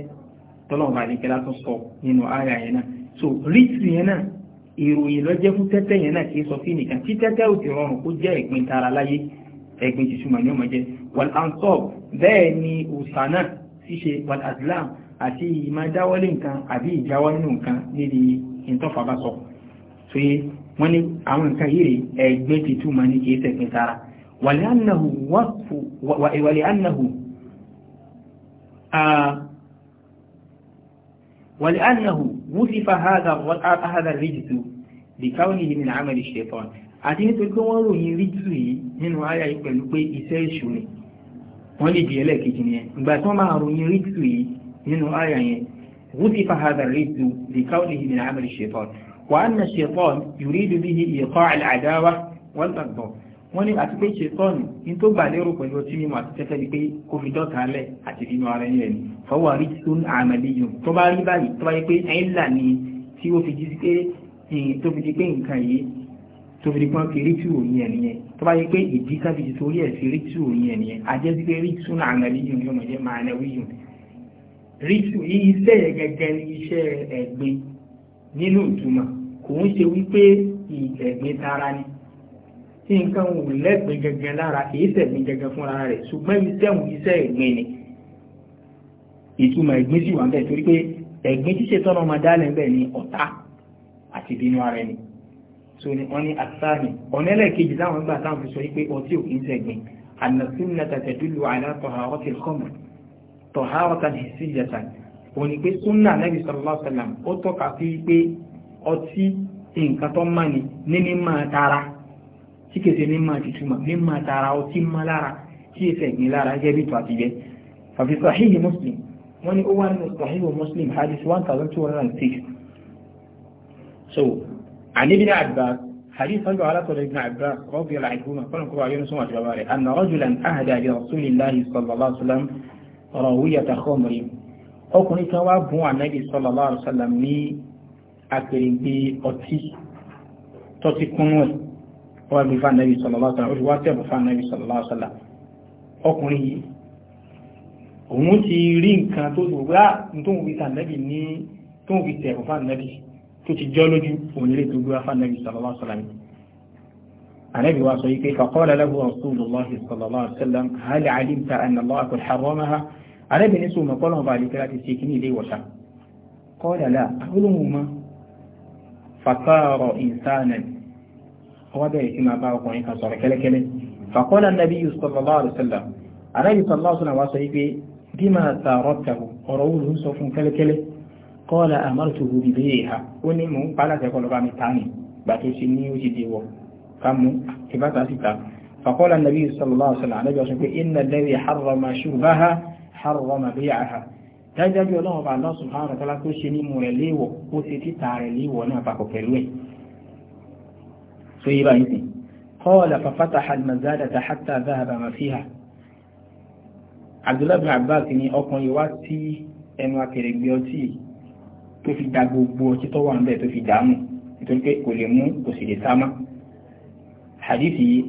tọ́lọ́mù àdìkẹ́lá tó sọ nínú ara yẹn náà so ríjìtù yẹn náà ìròyìn lọ́jẹ́ fún tẹ́tẹ́ yẹn náà kì í sọ sí nìkan tí tẹ́tẹ́ ò ti rọrùn kó jẹ́ ìgbẹ́ta ara láyé ẹ̀gbìn tìṣùmọ̀ ni ó mọ̀ jẹ́ wàl ansọ́ọ̀ bẹ́ẹ̀ ni òsànà ṣíṣe wàl àdìláàmù àti ìmọ̀ dáwọ́lé nǹkan àbí ìjáwọ́ nínú nǹkan níbi ìtọ́fà bá sọ so yé wọ́n ní àwọn nǹkan yìí ẹgbẹ́ ti túmọ̀ ní kìí tẹ̀gbẹ́ sára wàlẹ́ ànàhù ولأنه وصف هذا هذا الرجس بكونه من عمل الشيطان àti nítorí pé wọ́n ròyìn ríjù yìí nínú àyà yìí pẹ̀lú pé iṣẹ́ èṣù wọ́n lè di ẹlẹ́ẹ̀kejì nìyẹn ìgbà nínú àyà yẹn wúti fahadà rìdù lè káwọlì hìmì náà àmàlì ṣètọ́n wà á nà ṣètọ́n yùrídù bí i ìkọ́ àdáwà wọ́n tàgbọ̀ wọ́n ní àti pé ṣètọ́n ní tó gbà lérò pẹ̀lú ọtí mímu àti tẹ́tẹ́ ni pé kò fi dọ́ta alẹ́ àti nínú ara yẹn ni fọwọ́ rí tún àmàlì yìí tó bá rí báyìí tó bá yẹ pé ẹ̀ńlà ni tí ó fi jí pé eh, tó fi di pé nǹkan yìí tó fi di pé wọ́n rí tù òyìn ẹ̀ nìyẹn tó bá yẹ pé ìdí sábìjì torí ẹ̀ fi rí tù òyìn ẹ̀ nìyẹn àjẹsí pé rí tún àmàlì yìí yóò mọ̀ jẹ́ màánà wíyùn ríṣù yìí iṣẹ́ yẹn gẹ́gẹ́ ní iṣẹ́ ẹ̀gbin nínú ìtumọ̀ kò ń ṣe wípé ìgbẹ̀gbin tara ni tí nǹkan wò lẹ́gbẹ̀ẹ́ gẹ́gẹ́ lára kìí ṣẹ̀gbin gẹ́gẹ́ fúnra rẹ̀ ṣùgbọ́n iṣẹ́ òun iṣẹ́ ẹ̀gbin ni ìtumọ̀ ẹ̀gbin sì wà ń bẹ̀ torí pé ẹ̀gbin ṣíṣe tọ́nà ọmọ dálẹ̀ ń bẹ̀ ni ọ̀tá àti ìbínú ara ẹni so ni wọ́n ní àtàmì ọ̀nẹ́lẹ̀kejì táwọn gbà táwọn fi sọ wípé ọtí òkè ń ṣẹ̀gbin ànàsínú tọ̀hárọ̀tàn hìsíyàtàn òun ni pé súnà nẹ́bí sallallahu alaihi wasallam ó tọ́ka sí pé ọtí nǹkan tó mọ̀ ní ní mímọ̀ tara tí kèsè mímọ̀ tìtúmọ̀ mímọ̀ tara ọtí mọ́ lára tí èsè gbìn lára jẹ́ bí tó àti jẹ́ so àní bí ní àgbà حديث صلى على طول ابن عباس رضي الله عنهما قال قرأ يونس وما أن رجلا أهدى لرسول الله صلى الله عليه وسلم rawiyata khomri ọkùnrin kan wá bùn ànábì sallallahu alaihi wasallam ní àpèrègbè ọtí tọ́tí kúnnú ẹ̀ wọ́n wá fún ànábì sallallahu alaihi wasallam ó fi wá tẹ̀bù fún ànábì sallallahu alaihi wasallam ọkùnrin yìí òun ti rí nǹkan tó ti wá ah, tó fi tànàbì ní tó fi tẹ̀bù fún ànábì tó ti jọ́ lójú òun lè tó gbé fún ànábì sallallahu alaihi wasallam النبي وصيته فقال له رسول الله صلى الله عليه وسلم هل علمت أن الله قد حرمها النبي نسوا ما قاله بعد ثلاث سكين لي وشا قال لا أعلمهما فصار إنسانا وهذا يتم بعض قوانين فصار كلا كلا فقال النبي صلى الله عليه وسلم النبي صلى الله عليه وسلم وصيته بما ثارته ورؤوله سوف كلا قال أمرته ببيعها ونمو قال تقول بعمل ثاني باتوشي نيوشي ديوه kámú ìbátà síta fàkọ́lá nàbí sallallahu alaihi wasallam ànábì ọ̀sán pé iná lẹ́rì harrama ṣùgbáha harrama bí àhà dájájú ọlọ́run bá lọ́sùn hàn rẹ̀ tó ṣe nímú rẹ̀ léèwọ̀ ó ṣe títà rẹ̀ léèwọ̀ náà papọ̀ pẹ̀lú ẹ̀ tó yí báyìí sí kọ́ọ̀lá fàfátà hadmazada hatta zahaba mafiha Abdullahi bin Abbas ni ọkùnrin wá sí ẹnu akèrègbè ọtí tó fi da gbogbo ọtí tó wà ń bẹ̀ fi dààmú nítorí pé kò lè mú kò sì lè sá hadithi yìí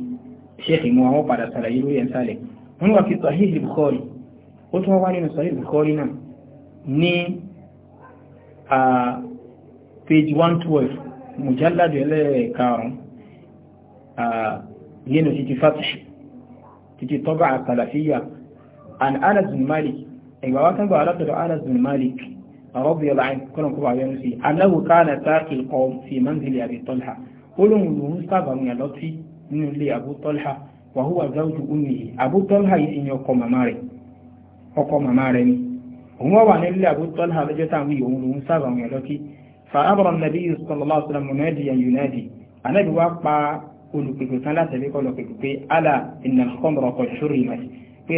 sheikh mu àwọn padà sàlàyé lórí ẹ̀ sálẹ̀ wọ́n wà fi sahih bukhari ó tún wá nínú sahih bukhari náà ní page 112 mujalladu ẹlẹ́ẹ̀karùn-ún nínú títí fatih títí tọ́bà àsàlàfíyà an anas bin malik ẹgbà wá tán bá alátọ̀dọ̀ anas bin malik rọ́bì ọlá kọ́nà kọ́bà yẹnu sí anáwó kánà sáàkì kọ́ fi manzili abi talha ó lóun lòun sábà àwọn èèyàn lọ́tí nínú ilé Abu Talha wàhúwà záwùjú ummihi Abu Talha yìí ni ọkọ màmá rẹ̀ ọkọ màmá rẹ̀ ni òun wà wà nílé Abu Talha lọ́jọ́ táwọn yìí òun lòun sábà àwọn èèyàn lọ́tí fa abra nàbí sallallahu alaihi wasallam munadiyan yunadi ànábì wá pa olùpèpè kan látẹ̀lé kọ́ lọ pé ala innal khamra qad hurrimat pé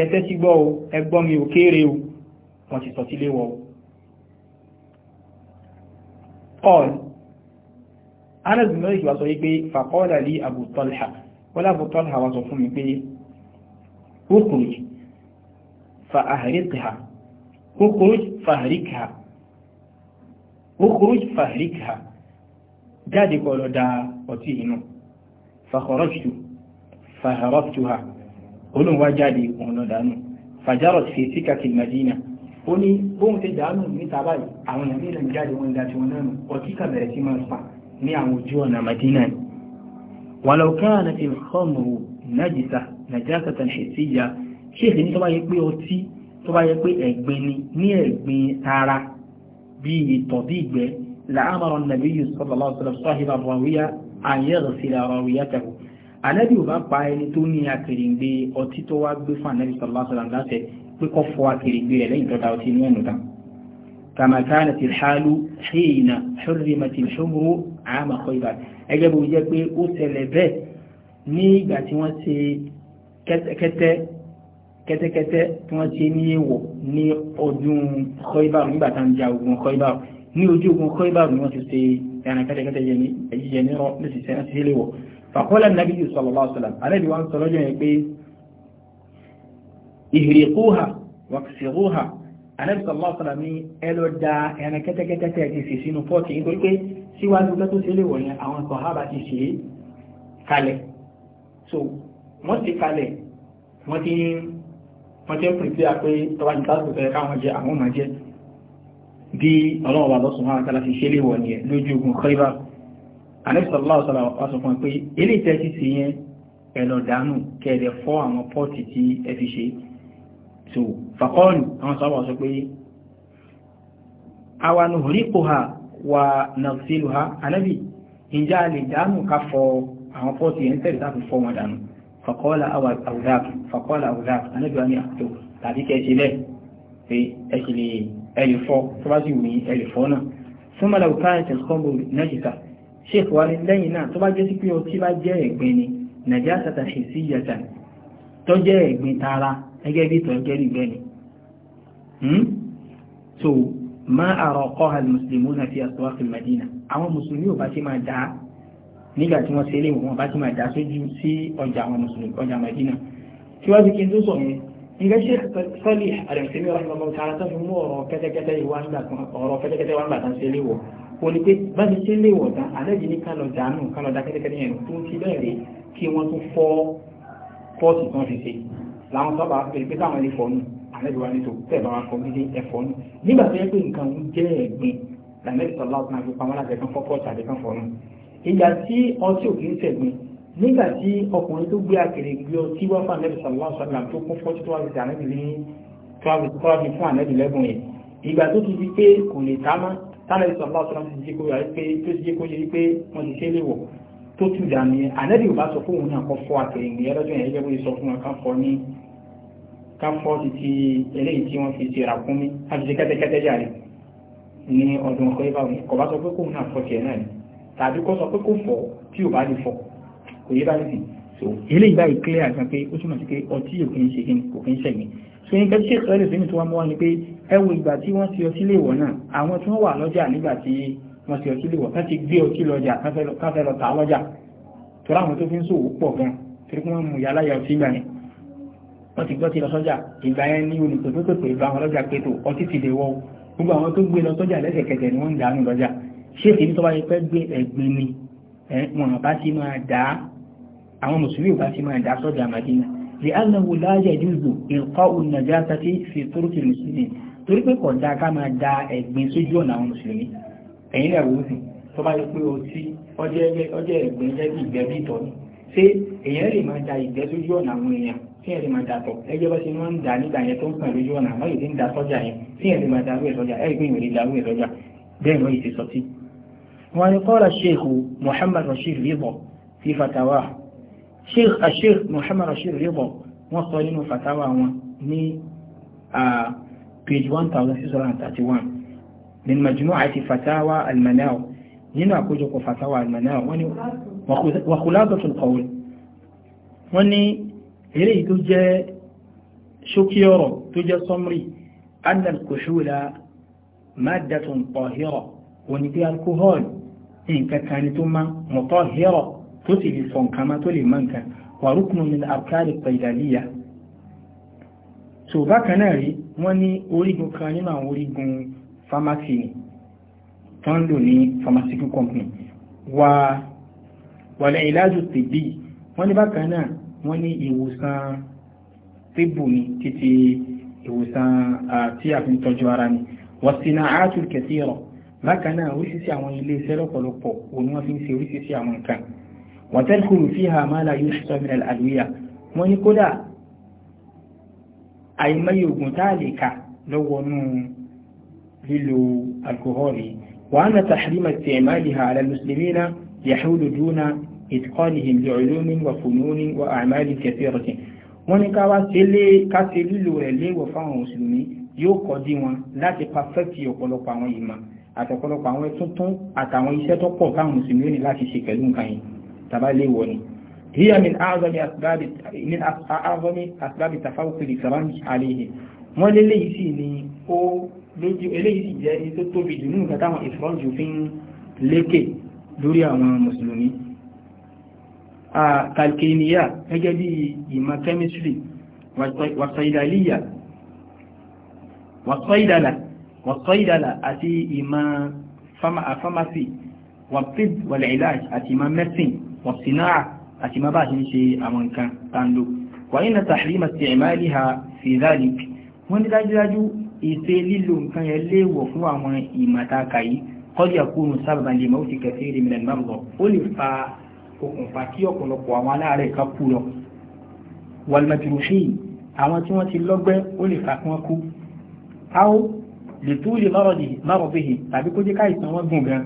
anas bin malik wá sọ wípé faqala li abu talha wọ́n abu talha wá sọ fún mi pé ukhruj fa ahriqha ukhruj fa ahriqha ukhruj fa ahriqha jáde kó lọ da ọtí inú fa kharajtu fa haraftuha olùwà jáde òun lọ dànù fajarat fi sikati madina ó ní bóun ti dànù níta báyìí àwọn èèyàn nílẹ̀ jáde wọn dá tiwọn náà ọtí kà bẹ̀rẹ̀ sí máa ń pa ní àwọn ojú ọ̀nà Madina ni walau kanat al-khamru najisa najasatan hissiya ṣéèkì ní tó bá yẹ pé ọtí tó bá yẹ pé ẹ̀gbin ni ní ẹ̀gbin ara bí ìtọ̀ bí ìgbẹ́ la'amara an-nabiyyu sallallahu alaihi wasallam sahiba rawiya an yaghsila rawiyatahu ànábì ò bá pa ẹni tó ní akèrèǹgbè ọtí tó wá gbé fún ànábì sallallahu àmà Khaybar ẹgẹ́ bó jẹ́ pé ó ṣẹlẹ̀ bẹ́ẹ̀ ní ìgbà tí wọ́n ṣe kẹ́tẹ́kẹ́tẹ́ kẹ́tẹ́kẹ́tẹ́ tí wọ́n ṣe ní èèwọ̀ ní ọdún Khaybar nígbà tá à ń ja ogun Khaybar ní ojú ogun Khaybar ni wọ́n ti ṣe ẹran kẹ́tẹ́kẹ́tẹ́ yẹ ní ọ ní ṣiṣẹ́ ṣe lè wọ̀ fàkọ́lá nàbí yìí sallallahu alaihi wasallam àrẹ́bí wọn sọ lọ́jọ́ yẹn pé ihriquha waqsiruha àrẹ́bí sallallahu alaihi wasallam ní ẹ lọ da ẹran kẹ́tẹ́kẹ́tẹ́ tẹ̀ ti sì sínú pọ́ọ̀tì nítorí pé síwájú lọ tó ṣe lè wọ̀ yẹn àwọn sàhábà ti ṣe é kalẹ̀ so wọ́n ti kalẹ̀ wọ́n ti wọ́n ti ń pèsè àpé tọ́wà ní tásìkò fẹ́ káwọn jẹ àwọn ọmọ jẹ bí ọlọ́run bá lọ́sùn máa tàbí ṣe lè wọ̀ nìyẹn lójú ogun kọ́ríbà anẹ́sọ̀lọ́wọ́ sọ̀rọ̀ wá sọ fún pé wà nàfṣílù ha anábì ìjà lè dánù ká fọ àwọn pọ́ọ̀tì yẹn tẹ̀lé láti fọ wọn dànù fàkọ́lá àwùzák fàkọ́lá àwùzák anábì wa ní àtò tàbí kẹ́ẹ̀ṣì lẹ̀ pé ẹ̀ṣì lè ẹ̀lì fọ́ tó bá sì wù ní ẹ̀lì fọ́ náà fún mọ́lá òkà ẹ̀ṣẹ̀ kọ́mbò nàìjíríà ṣèkù wa ní lẹ́yìn náà tó bá jẹ́ sí pé ọtí bá jẹ́ ẹ̀gbin ni nàìjíríà sàtà sí ìyàtà tó jẹ́ ẹ̀gbin tara gẹ́gẹ́ bí tọ́jẹ́ rí bẹ́ẹ̀ hmm? so ma àrọ̀kọ́ al-muslimuna fi aswaq al-madina àwọn mùsùlùmí ò bá ti máa dá nígbà tí wọ́n ṣe lè wọ́n bá ti máa dá sójú sí ọjà àwọn mùsùlùmí ọjà madina síwájú kí n tó sọ yẹn nga sheikh salih alimsimi rahimahullah ta'ala tó fi mú ọ̀rọ̀ kẹ́tẹ́kẹ́tẹ́ ìwà ńgbà kan ọ̀rọ̀ kẹ́tẹ́kẹ́tẹ́ wà ńgbà kan ṣe lè wọ̀ ó tán àlẹ́jì ní àlejò wa nítorí tẹ̀ bá wa kọ́ nílé ẹ̀fọ́ ni nígbà tó yẹ pé nǹkan ń jẹ́ ẹ̀gbin làmẹ́rì sọlá ọ̀tún àti pamọ́ láti ẹ̀kan fọ́pọ́ tàbí kan fọ́nù ìgbà tí ọtí òkè ń sẹ̀gbin nígbà tí ọkùnrin tó gbé àkèrè gbé ọtí wá fún àlejò sọlá ọ̀tún àti tó kún fọ́tí tó wà lóṣù àlejò ní tọ́wájú fún àlejò lẹ́gùn yẹn ìgbà tó ti di pé kò lè tá mọ́ tálẹ̀ sọlá ọ̀tún àti jíkó yà pé tó ti jíkó yẹ pé wọ́n ti ṣe léwọ̀ tó tù dà nìyẹn àlejò bá sọ fóun náà kọ́ fọ́ àkèrè ìgbéyàwó ká fọ́ọ̀sì ti eléyìí tí wọ́n fi ṣe ràkúnmí láti ṣe kẹ́tẹ́kẹ́tẹ́ jáde ní ọdún ọkọ̀ ìbá wọn kò bá sọ pé kóun náà fọ́ tiẹ̀ náà ni tàbí kó sọ pé kó fọ́ tí ò bá lè fọ́ kò yé bá lè sì so eléyìí báyìí clear gan pé ó túmọ̀ sí pé ọtí ò kì í ṣe kíni kò kì í ṣẹ̀gbìn so yín kẹ́ ṣe sọ́ọ́lẹ̀ sínú tí wọ́n mú wá ni pé ẹ wo ìgbà tí wọ́n ti ọtí lè wọ̀ náà àwọn tí wọ́n wà lọ́jà nígbà tí wọ́n ti ọtí lè wọ̀ káti gbé ọtí lọ́jà káfẹ́ lọ lọ́jà tó láwọn tó fi ń ṣòwò pọ̀ gan torí pé wọ́n mú yàrá yà ọtí gbà yẹn wọ́n ti gbọ́ ti lọ sọ́jà ìgbà yẹn ní olùpẹ̀pẹ̀pẹ̀ ìbá wọn lọ́jà pé tó ọtí ti lè wọ́ gbogbo àwọn tó gbé lọ sọ́jà lẹ́sẹ̀kẹsẹ̀ ni wọ́n ń dànù lọ́jà ṣé èyí tó bá yẹ pẹ́ gbé ẹ̀gbin ni wọn bá ti máa dá àwọn mùsùlùmí bá ti máa dá sọ́jà Madina lè aláwo láàyè jùzù ìkọ́ ònàjà tàbí fi tórókì mùsùlùmí torí pé kò dáa ká máa da ẹ̀gbin sójú ọ̀nà àwọn mùsùlùmí ẹ̀yin lẹ̀ wọ́n sì tó bá yẹ pé ọtí ọjọ́ ẹ̀gbin jẹ́ bí ìgbẹ́ bí ìtọ́ ṣé èèyàn lè máa da ìgbẹ́ sójú ọ̀nà àwọn èèyàn tí ẹ̀rì máa dàtọ̀ ẹgbẹ́ bá ṣe máa ń dà nígbà yẹn tó ń pẹ̀lú ojú ọ̀nà àmọ́ ìdí ń da sọ́jà yẹn tí ẹ̀rì máa darú ẹ̀ sọ́jà ẹ̀rì pé ìrìn darú ẹ̀ sọ́jà bẹ́ẹ̀ lọ́yìn ti sọtí. wọn ni qala sheikh muhammad rashid rizọ fi fatawa sheikh asheikh ah, muhammad rashid rizọ wọn sọ nínú fatawa wọn ní ah, page one thousand six hundred and thirty one min majmu'ati fatawa almanaw nínú àkójọpọ̀ fatawa almanaw wọn ni wa khulasatul qawl wọn ni eléyìí tó jẹ́ ṣókí ọ̀rọ̀ tó jẹ́ sọmrí annal kushula maddatun tahira wọ́n ni pé alcohol nǹkan kan ni tó má mutahira tó sì lè fọ nǹkan má tó lè má nǹkan wà rúkùnù min arkani paidaliya so bákan náà rí wọ́n ní orígun kan nínú àwọn orígun pharmacy ni tó ń lò ní pharmaceutical company wà wàlẹ̀ ìlàjù tìbí wọ́n ní bákan náà wọ́n ní ìwòsàn tébù ni iwosan tibu ìwòsàn tí a fi ń tọ́jú ara ni wọ́n sì ná àátù kẹsí ọ̀rọ̀ bákan náà oríṣiríṣi àwọn ilé iṣẹ́ lọ́pọ̀lọpọ̀ òun wọ́n fi ń se oríṣiríṣi àwọn nǹkan wọ́n tẹ́lẹ̀ kò wọ́sìnà àátù oro bákan náà oríṣiríṣi àwọn ilé iṣẹ́ lọ́pọ̀lọpọ̀ òun wọ́n fi ń ṣe oríṣiríṣi àwọn nǹkan wọ́n tele tadkhulu fiha maa la yoo min al aluya wọ́n ní kódà àìmọye ògùn tá a lè kà lowo nu lílo alkohol yii wọ́n á na tahrima isti'maliha ala al-muslimina yahulu duna ìtìkọ́nìhìn lè olómi wà fònúní wà àmàlì kẹfẹ́rọ̀tì wọ́n ní káwá káṣe lílò rẹ̀ léèwọ̀ fáwọn mùsùlùmí yóò kọjú wọn láti pàfẹ́kì ọ̀pọ̀lọpọ̀ àwọn ìmọ̀ àtọ̀pọ̀lọpọ̀ àwọn tuntun àtàwọn iṣẹ́ tó pọ̀ táwọn mùsùlùmí ní láti ṣe pẹ̀lú nǹkan yìí tàbá léèwọ̀ ni hiya min azami asbabi min azami asbabi tafawuq lórí àwọn mùsùlùmí kalkiniya gẹ́gẹ́ bí ìmọ̀ chemistry wàtọ̀ìdàlíyà wàtọ̀ìdàlà wàtọ̀ìdàlà àti ìmọ̀ pharmacy wàtíb wàlẹ̀ìláj àti ìmọ̀ medicine wàtínáà àti ìmọ̀ bá ṣe ń ṣe àwọn nǹkan tàndó wà ní tàhírímà sí ìmáàlì ha fi zalik wọ́n ní dájúdájú ìṣe lílo nǹkan yẹn léèwọ̀ fún àwọn ìmọ̀taka yìí kọ́dí àkóhùn sábàbà lè mọ́ okùnfà kí ọ̀pọ̀lọpọ̀ àwọn aláàárẹ̀ kan kú lọ wàlùmọ̀tìrùsìn àwọn tí wọ́n ti lọ́gbẹ́ ó lè fà kí wọ́n kú áwọ́ lè tó lè márọ̀bìhì tàbí kó jẹ́ káìsàn wọn gùn gan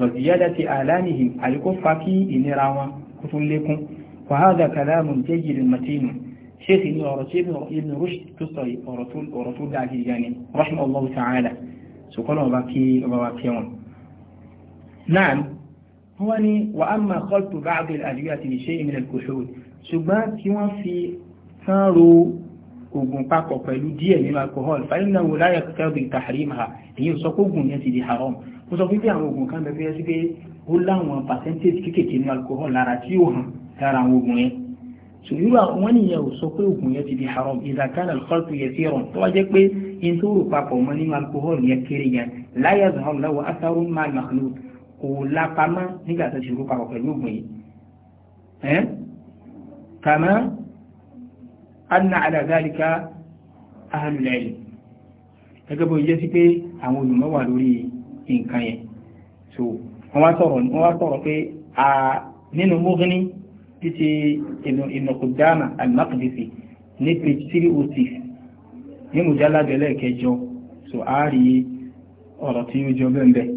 rọ̀dìyádá ti àlánìhì àríkó fa kí ìnira wọn kó tún lékún wàhálà kàlámù jẹ́ yìí mọ̀tínù ṣé sì ni ọ̀rọ̀ tí ibn rushd tó sọ ọ̀rọ̀ tó dáa kì í gan ni rahman allah ta'ala sùkọ́nà ọba kí wọn. náà wọ́n ní wà á máa kọ́ọ̀tù bá àgbẹ̀ àdúgbò àti ìṣe ìmìlẹ̀ kòṣòwò ṣùgbọ́n tí wọ́n fi tán ro oògùn papọ̀ pẹ̀lú díẹ̀ nínú alcohol fàyínà wò láyà kẹtẹ́bì tàhàrímà èyí sọ pé oògùn yẹn ti di haram ó sọ pé àwọn oògùn kan bẹ̀rẹ̀ sí pé ó láwọn percentage kéékèèké nínú alcohol lára tí ó hàn lára àwọn oògùn yẹn sòyúrò àwọn nìyẹn ò sọ pé oògùn yẹn ti di haram ìdàkan alcohol yẹn ti rọ̀ tó wá jẹ́ pé in papọ̀ mọ́ nínú alcohol yẹn kéré yẹn láyà zahar lọ́wọ́ asarun mal makhlud kò lápamọ́ nígbà tó ṣe rú papọ̀ pẹ̀lú ògùn yìí ẹ́n kàmá anna ala dhalika ahlul ilm gẹ́gẹ́ bó jẹ́ sí pé àwọn olùmọ̀ wà lórí nǹkan yẹn so wọ́n wá sọ̀rọ̀ wọ́n wá pé a nínú Mughni títí Ibn Qudama al-Maqdisi ní page three oh six ní mùjálá kẹjọ so a rí ọ̀rọ̀ tí ó jọ bẹ́ẹ̀ bẹ́ẹ̀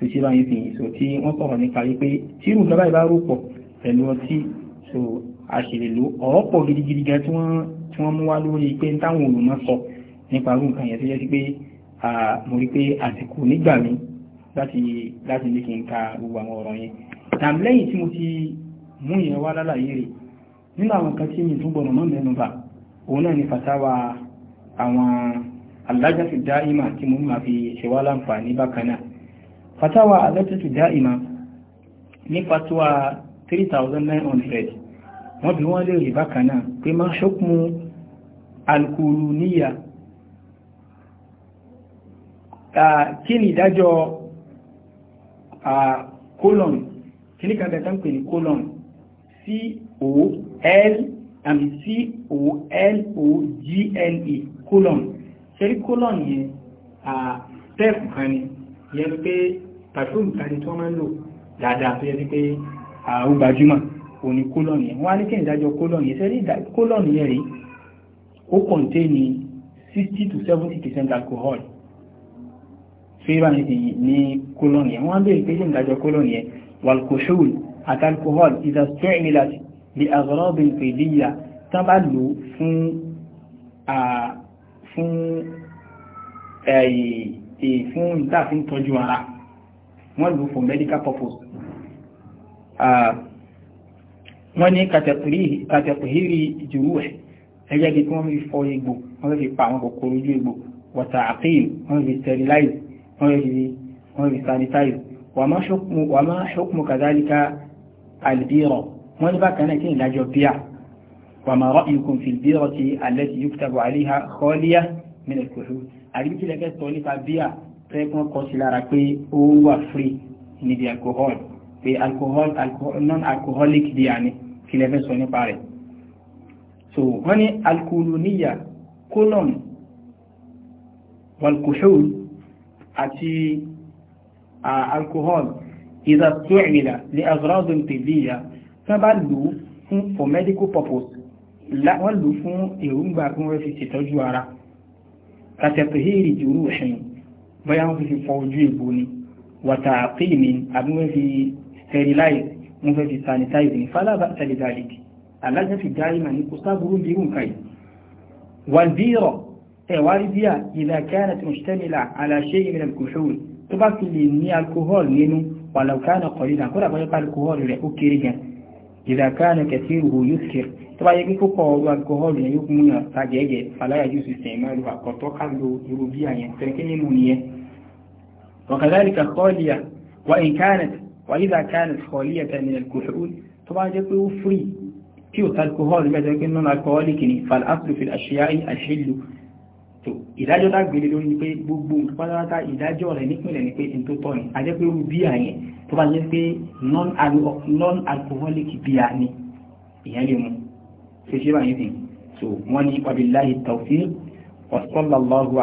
tó ṣe báyìí fi so tí wọ́n sọ̀rọ̀ nípa wípé tí irú nǹkan báyìí bá rò pọ̀ pẹ̀lú ọtí so àṣèlè ló ọ̀rọ̀ pọ̀ gidigidi gan tí wọ́n mú wá lórí pé ń táwọn olùmọ̀ sọ nípa irú nǹkan yẹn tó yẹ sí pé mo rí pé àsìkò nígbà mi láti láti ní kí n ka gbogbo àwọn ọ̀rọ̀ yẹn tàbí lẹ́yìn tí mo ti mú ìyẹn wá lálàyé rẹ̀ nínú àwọn kan tí mi tún gbọ́dọ̀ mọ́ mẹ́nu bà òun náà ni fàtàwà àwọn alájàfi dáìmà tí mo máa fi ṣe wá láǹfààní bákan náà fatawa alẹ́tẹ̀tù dáìmá ní fatawa 3900 wọ́n bí wọ́n lè rí bákanáà pé má ṣokùn alkùrù níyà kí ni ìdájọ́ colon kí ní kàgbẹ̀ta ń pè ní colon c-o-l àmì c o l o g N e colon ṣe rí colon yẹn step kan ni ìyẹn ni pé pàfíùmù kàdé tí wọ́n máa ń lò dáadáa tó yẹ sí pé àwọn gbajúmọ̀ òní kólọ́ọ̀nù yẹn wọ́n á ní kí ìdájọ́ kólọ́ọ̀nù yẹn sẹ́rí kólọ́ọ̀nù yẹn rí ó kọ̀ǹtéènì sixty to seventy percent alcohol fíra ní kólọ́ọ̀nù yẹn wọ́n á béèrè pé ṣé ìdájọ́ kólọ́ọ̀nù yẹn walkoshol àti alcohol is a strong milat the azorobin fèdíyà tán bá lò fún fún ẹ̀yìn fún ìtàfin tọ́jú ara wọ́n lò for medical purpose wọ́n ní kàtẹ̀kùhírí ìjòwú ẹ̀ ẹgbẹ́ bí wọ́n fi fọ egbò wọ́n fi pa àwọn kòkòrò ojú egbò wọ̀tà àpíl wọ́n fi sterilize wọ́n fi sanitize wà máa ṣokùnmù kàzálíkà albírọ̀ wọ́n ní bákan náà kí ìdájọ́ bíà wà máa rọ́ ikùn fìlbírọ̀ ti alẹ́ ti yúkútàbọ̀ àríhà kọ́líyà mílẹ̀ kòhùn àríbí tí lẹ́fẹ́ sọ nípa bíà fẹ́ẹ̀kan kọ́ sí lára pé ó wà free níbi alcohol pé alcohol non-alcoholic bíà ni tí lẹ́fẹ́ sọ nípa rẹ̀ so wọ́n ní alkuluniya colon walkuhul àti alcohol ìdá tó ìrìnlá ní azrazun tìbíyà tán bá lò fún for medical purpose wọ́n lò fún èròǹgbà tí wọ́n fi ṣètọ́jú ara kàtẹ̀tẹ̀hìrì jùrù ẹ̀yìn bóyá wọ́n fi fọ ojú ègbò ni wàtà àpéyì ni àbí wọ́n fi sterilize wọ́n fẹ́ fi sanitize ni fálábà tẹ̀lé dáríkì alájẹ́ fi dárí mà ní kò sáàbùrú bí irun káyì wàlbírọ̀ ẹ̀wárí bíà ìdá kẹ́rẹ̀ tí mùsùtẹ́mìlà aláṣẹ́ ìmìnà kòṣòwò tó إذا كان كثيره يسكر طبعا يجي فوق الكحول يعني يوم من تاجيج فلا يجوز استعماله كتو كلو يروبيا يعني تركني وكذلك خالية وإن كانت وإذا كانت خالية من الكحول طبعا يجي فري كيو الكحول بدل كنون الكحول كني فالأصل في الأشياء الحل so ìdájọ́ tá gbélé lórí ni pé gbogbo pátápátá ìdájọ́ rẹ̀ nípìnlẹ̀ ni pé n tó tọ́ ni a jẹ́ pé irú bíà yẹn tó bá jẹ́ pé non alcoholic bíà ni ìyẹn lè mu ṣe ṣe báyìí sìn so wọ́n ní wabillahi tawfiq wa sallallahu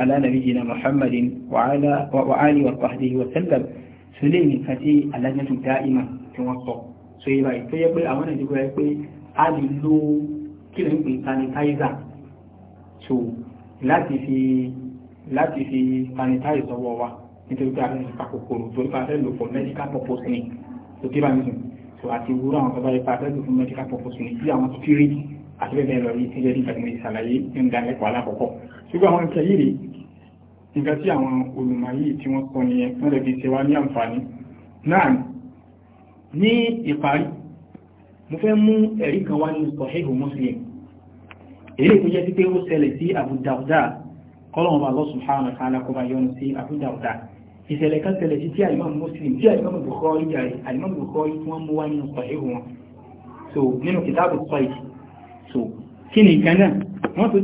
ala nabiyyina muhammadin wa ala wa ali wa sahbihi wa sallam so lè nìkan tí alájẹ́tù dáìmà tí wọ́n sọ so yẹ báyìí tó yẹ pé àwọn nàìjíríà pé a lè lo kí lè ń pè sanitizer so láti fi láti fi sanitize ọwọ́ wa nítorí pé a fẹ́ nípa kòkòrò torí pé a fẹ́ lò for medical purpose ni tó tí bá mi sùn tó àti wúrọ̀ àwọn ọ̀gá ipa fẹ́ lò for medical purpose ni bí àwọn spirit àti bẹ́ẹ̀ bẹ́ẹ̀ lọ rí ti jẹ́ nígbà tí mo ṣàlàyé ń da ẹ̀kọ́ alákọ̀ọ́kọ́ ṣùgbọ́n àwọn nǹkan yìí rè nǹkan tí àwọn olùmọ̀ yìí tí wọ́n sọ nìyẹn wọ́n lè fi ṣe wá ní àǹfààní náà ní ìparí mo fẹ́ mú ẹ̀rí kan wá nínú Sahihu Muslim èyí kò jẹ́ pípé ó ṣẹlẹ̀ sí Abu Dawuda kọ́lọ́mù bá lọ́sùn hàn kánà kó bá yọnu sí Abu Dawuda ìṣẹ̀lẹ̀ kan ṣẹlẹ̀ sí tí àìmọ́ Muslim tí àìmọ́ Bukhari yàrá àìmọ́ Bukhari tí wọ́n mú wá nínú pàṣẹ wọn so nínú kìtàbù sọ́ì so kí ni ìkan náà wọ́n tó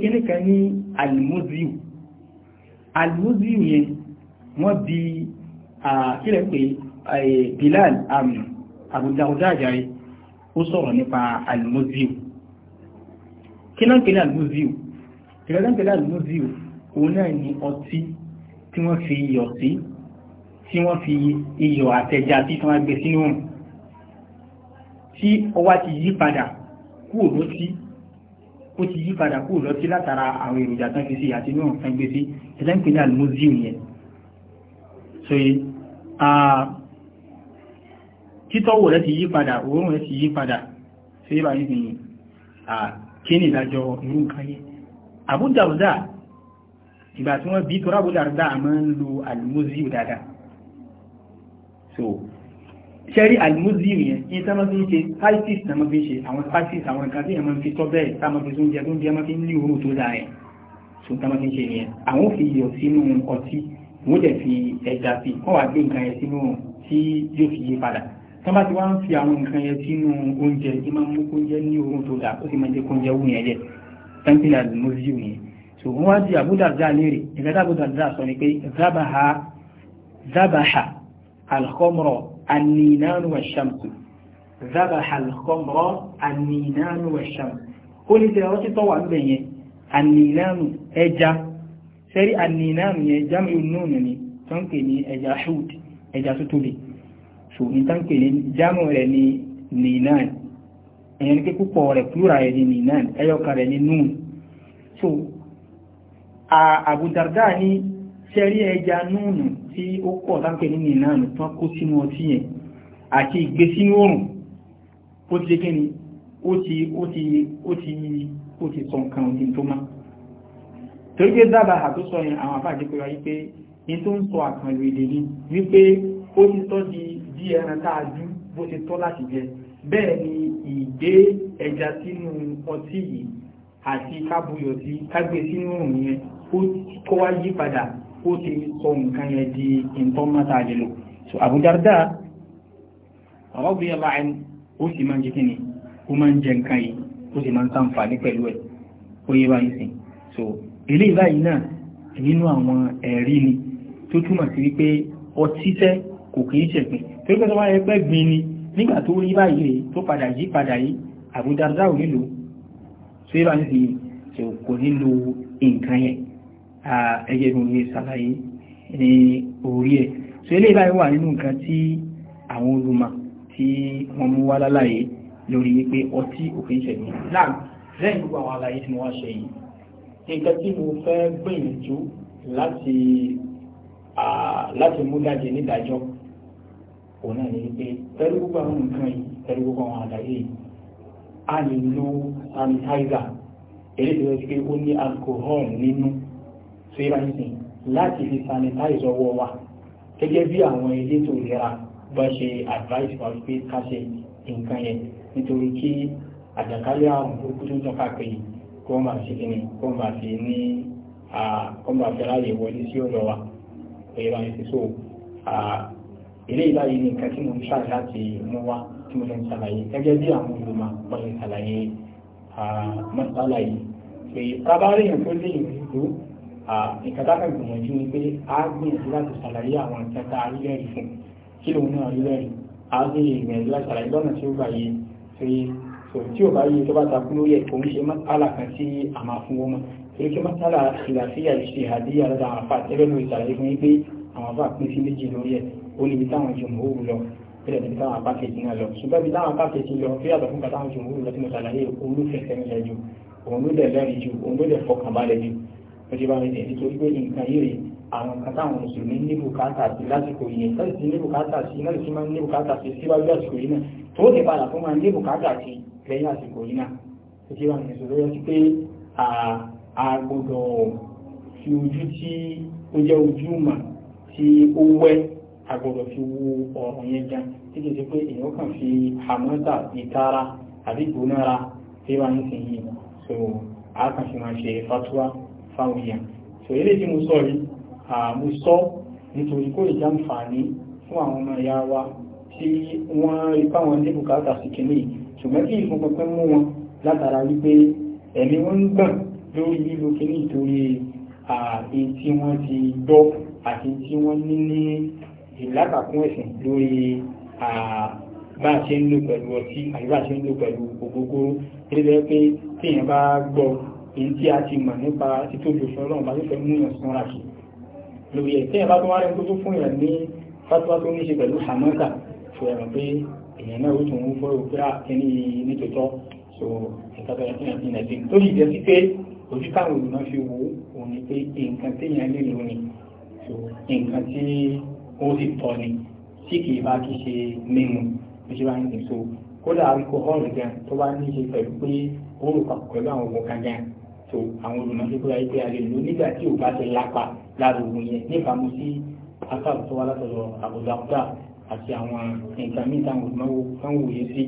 kí ó sọ̀rọ̀ nípa almuziu kí náà kìlá lúzíò kìlá kìlá lúzíò òun náà ni ọtí tí wọ́n fi iyọ̀ sí tí wọ́n fi iyọ̀ àtẹja tí wọ́n gbé sínú òun tí ọwá ti yí padà kúrò lọ́tí ó ti yí padà kúrò lọ́tí látara àwọn èròjà tán fi sí àti inú òun tán gbé sí kìlá kìlá lúzíò yẹn so títọ́wò rẹ̀ ti yí padà òórùn rẹ̀ ti yí padà sí ibà yìí kí ní ìdájọ́ irú nǹkan yẹn Abu Darda ìgbà tí wọ́n bí tó Abu Darda máa ń lo al-muzhiyu dáadáa so ṣẹ́rí al-muzhiyu yẹn ní sẹ́mọ́ fi ń ṣe spices náà máa fi ń ṣe àwọn spices àwọn nǹkan tí ẹ̀mọ́ fi tọ́ bẹ́ẹ̀ tá máa fi sóúnjẹ tó ń jẹ́ máa fi ń ní òórùn tó dáa yẹn tán bá ti wá ń fi àwọn nǹkan yẹn sínú oúnjẹ yìí máa ń mú oúnjẹ ní oorun tó dáa ó sì máa ń jẹ kóúnjẹ wù yẹn jẹ tẹ́ńpìlà lòmọ́síjù yẹn so wọ́n wá di àbúdàdà léèrè ìgbàdà àbúdàdà sọ ni pé zabaha zabaha alkhomro aninanu wa shamsu zabaha alkhomro aninanu wa shamsu ó ní sẹ́yìn ọtí tọ́wà ń bẹ̀ yẹn aninanu ẹja sẹ́rí aninanu yẹn jámù nùnú ni tó ń ẹja ṣúùd ẹja tó tóbi so ìtànkè ní jámù rẹ̀ ní ninan èyàn ní pé púpọ̀ rẹ̀ plúra rẹ̀ ní ninan ẹyọkà rẹ̀ ní nun so àbùdàrdà ní sẹ́rí ẹja núùnù tí ó pọ̀ tánkè ní ninan tán kó sínú ọtí yẹn àti ìgbé sínú òrùn ó ti kí ni ó ti ó ti ó ti ó ti sọ nǹkan òdì tó má torí pé dábàá àtúnṣọ yẹn àwọn àfáàjẹ́ pé wáyé pé ní tó ń sọ àkànlò èdè ní wípé ó ti tọ́ di bí ẹran tá a dú bó ṣe tọ́ láti jẹ bẹ́ẹ̀ ni ìgbé ẹja sínú ọtí yìí àti kábuyọ̀ sí kágbé sínú òun yẹn kó wá yí padà ó ti sọ nǹkan yẹn di nǹkan mọ́ta àjẹlò so Abu Darda radiyallahu anhu ó sì máa ń jẹ kí ni ó máa ń jẹ nǹkan yìí ó sì máa ń ṣàǹfààní pẹ̀lú ẹ̀ ó yé báyìí sìn so eléyìí báyìí náà nínú àwọn ẹ̀rí ni tó túmọ̀ sí wípé ọtí tẹ́ kò kìí ṣẹ̀gbìn tó gbé tó bá yẹ pẹ́ gbin ni nígbà tó rí báyìí rè tó padà yí padà yí àbúdáradá ò nílò tó yẹ bá ní ti kò nílò nǹkan yẹn ẹyẹ mi ò lè ṣàlàyé ní orí ẹ̀ tó eléyìí báyìí wà nínú nǹkan tí àwọn olùmọ̀ tí wọ́n mú wá lálàyé lórí wípé ọtí òfin ṣẹ̀mí náà láti láti mú òun náà ní pé pẹ̀lú gbogbo àwọn nǹkan yìí pẹ̀lú gbogbo àwọn àlàyé yìí a lè lo sanitizer èyí tó yẹ pé ó ní alcohol nínú ṣé bá yìí sìn láti fi sanitize ọwọ́ wa gẹ́gẹ́ bí àwọn elétò ìlera bá ṣe advice wa pé ká ṣe nǹkan yẹn nítorí kí àjàkálẹ̀ àrùn burúkú tó ń tàn káàkiri kó wọ́n máa ṣe kí ni kó máa fi ní kó máa fi ráyè wọlé sí ọ̀dọ̀ wa èyí bá so ilé ìbáyìí ní nǹkan tí mo ń ṣàlàyé láti mú wá tí mo lè ń ṣàlàyé gẹ́gẹ́ bí àwọn olùmọ̀ wọ́n lè ṣàlàyé mọ́sálà yìí pé tábàárẹ̀ yẹn tó lè ìlú nǹkan tá a kàn gbìyànjú ni pé a gbìyànjú láti ṣàlàyé àwọn nǹkan tá a rí lẹ́rìí fún kí lòun náà rí lẹ́rìí a gbìyànjú láti ṣàlàyé lọ́nà tí ó gbà yé pé tí ò bá yé tó bá takú lórí ẹ̀ kò ń ṣe mọ́sálà kan tí ó lè bí táwọn jùmọ̀ òru lọ bẹ́ẹ̀ bí táwọn apákejì náà lọ ṣùgbọ́n bí táwọn apákejì lọ bí yàtọ̀ fún kàtàwọn jùmọ̀ òru lọ tí mo ṣàlàyé òun ló fẹsẹ̀ nílẹ̀ ju òun ló dẹ̀ lẹ́rìí ju òun ló dẹ̀ fọkànbalẹ̀ ju ó ti bá mi dẹ̀ nítorí pé nǹkan yìí rèé àwọn kan táwọn mùsùlùmí ní bùkátà sí lásìkò yìí láti ti ní bùkátà sí láti ti máa ní bùkátà ó jẹ́ ojú mà tí ó wẹ́ agbọ́dọ̀ fi wo ọ̀rùn yẹn gan tí kìí ṣe pé èèyàn kàn fi àmọ́ta ìtara àbí ìgbónára tí wọ́n ń sìn yìí so a kàn fi máa ṣe fatuwa fáwọn èèyàn so eléyìí tí mo sọ yìí mo sọ nítorí kó lè jàǹfààní fún àwọn ọmọ ìyá wa tí wọ́n rí fáwọn ní bùkátà sí kìíní ṣùgbọ́n kí ìfúnpẹ́pẹ́ mú wọn látara wípé ẹ̀mí wọn ń gbọ̀n lórí lílo kìíní ìtorí èyí tí wọ́n ti gbọ́ àti tí wọ́n ní ní ìlàkà fún ẹ̀sìn lórí bá a ṣe ń lò pẹ̀lú ọtí àti bá a ṣe ń lò pẹ̀lú ògógóró nílẹ̀ pé tí èèyàn bá gbọ́ èyí tí a ti mọ̀ nípa títóbi òfin ọlọ́run bá tó fẹ́ mú yàn sanra sí lórí ẹ̀ tí èèyàn bá tó wá rẹ̀ tó tó fún yàn ní fásitì tó ní ṣe pẹ̀lú hamasa fún ẹ̀rọ pé èèyàn náà ó tún ń fọ́ òkú ah, kíní nítòótọ́ so ó sì tọ́ ni tí kì í bá kí ṣe mímu bí ṣe bá ń sèso kódà alukóhólì gan tó bá ní ṣe pẹ̀lú pé ó rò papọ̀ pẹ̀lú àwọn oògùn kan gan tó àwọn olùmọ̀ṣẹ́ kódà yìí pé a lè lò nígbà tí ò bá ṣe lápa lára oògùn yẹn níbàámu sí akáàbù tó wá látọ̀dọ̀ àbùdàkúdà àti àwọn nǹkan míì táwọn olùmọ̀wò kan wòye sí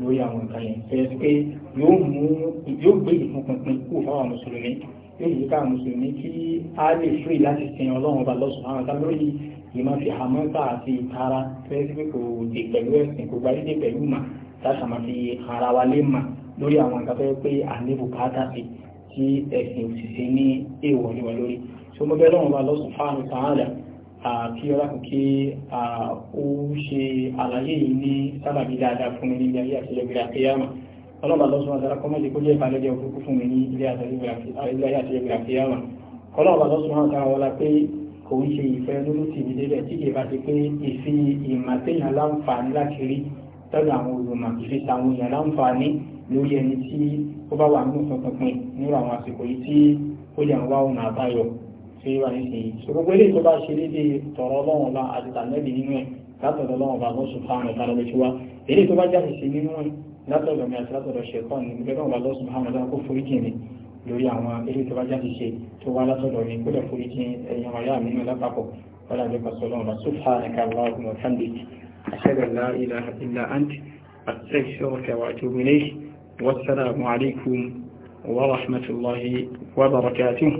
lórí àwọn nǹkan yẹn fẹ́ẹ́ pé yóò mú yóò gbé ìfúnpinpin kú fáwọn mùsùlùmí yóò yí káwọn mùsùlùmí kí á lè fún ìlàsìsìn ìmọ̀ fi àmọ́ta àti ìtara fẹ́ẹ́sì pé kò dé pẹ̀lú ẹ̀sìn kò gbáyé dé pẹ̀lú mà láti àmọ́ fi ara wa lé mà lórí àwọn nǹkan tó yẹ pé àníbù káàtà sí tí ẹ̀sìn òṣìṣẹ́ ní èèwọ̀ níwọ̀ lórí tó mọ́ bẹ́ẹ̀ lọ́wọ́ Allah subhanahu wa ta'ala kí ọlá kò kí ó ṣe àlàyé yìí ní sábàbí dáadáa fún mi ní ilé ayé àti ilé ìgbéra kéyàmà ọlọ́ba lọ́sùn àtàrà kọ́mọ́ kó jẹ́ ìbàlẹ́jẹ́ òkúkú fún mi ní ilé àti ilé ìgbéra kéyàmà ọlọ́ba lọ́sùn àtàrà wọlá pé òun ṣe ìfẹ́ lórí tìbí délẹ̀ tí kìí bá ti pé ìfi ìmọ̀tẹ́yàn láǹfààní láti rí lọ́dọ̀ àwọn olùmọ̀ ìfi tàwọn èèyàn láǹfààní lórí ẹni tí ó bá wà nínú tuntun nínú àwọn àsìkò yìí tí ó lè wá ọ̀nà àbáyọ ṣe wà ní sèyí. eléyìí tó bá ṣe dédé tọ̀rọ̀ ọlọ́run ọba àti tàlẹ́bì nínú ẹ̀ látọ̀dọ̀ ọlọ́run ọba lọ́sù fáwọn ọ̀tá lọ́bẹ̀ lórí àwọn eré tó bá jáde ṣe tó wá látọ̀dọ̀ ní kódà forí jì ẹ̀yàn ọ̀yá mi náà lápapọ̀ wọ́n àjọ pàṣẹ ọlọ́run lọ sófà ẹ̀ka aláàbùn ọ̀tàndì àṣẹ́gbẹ̀lá ilà àǹtí àtẹ́sọ̀rọ̀kẹ̀ wà tó wílé wọ́n sára àwọn àríkùn wa rahmatullahi wa barakatuh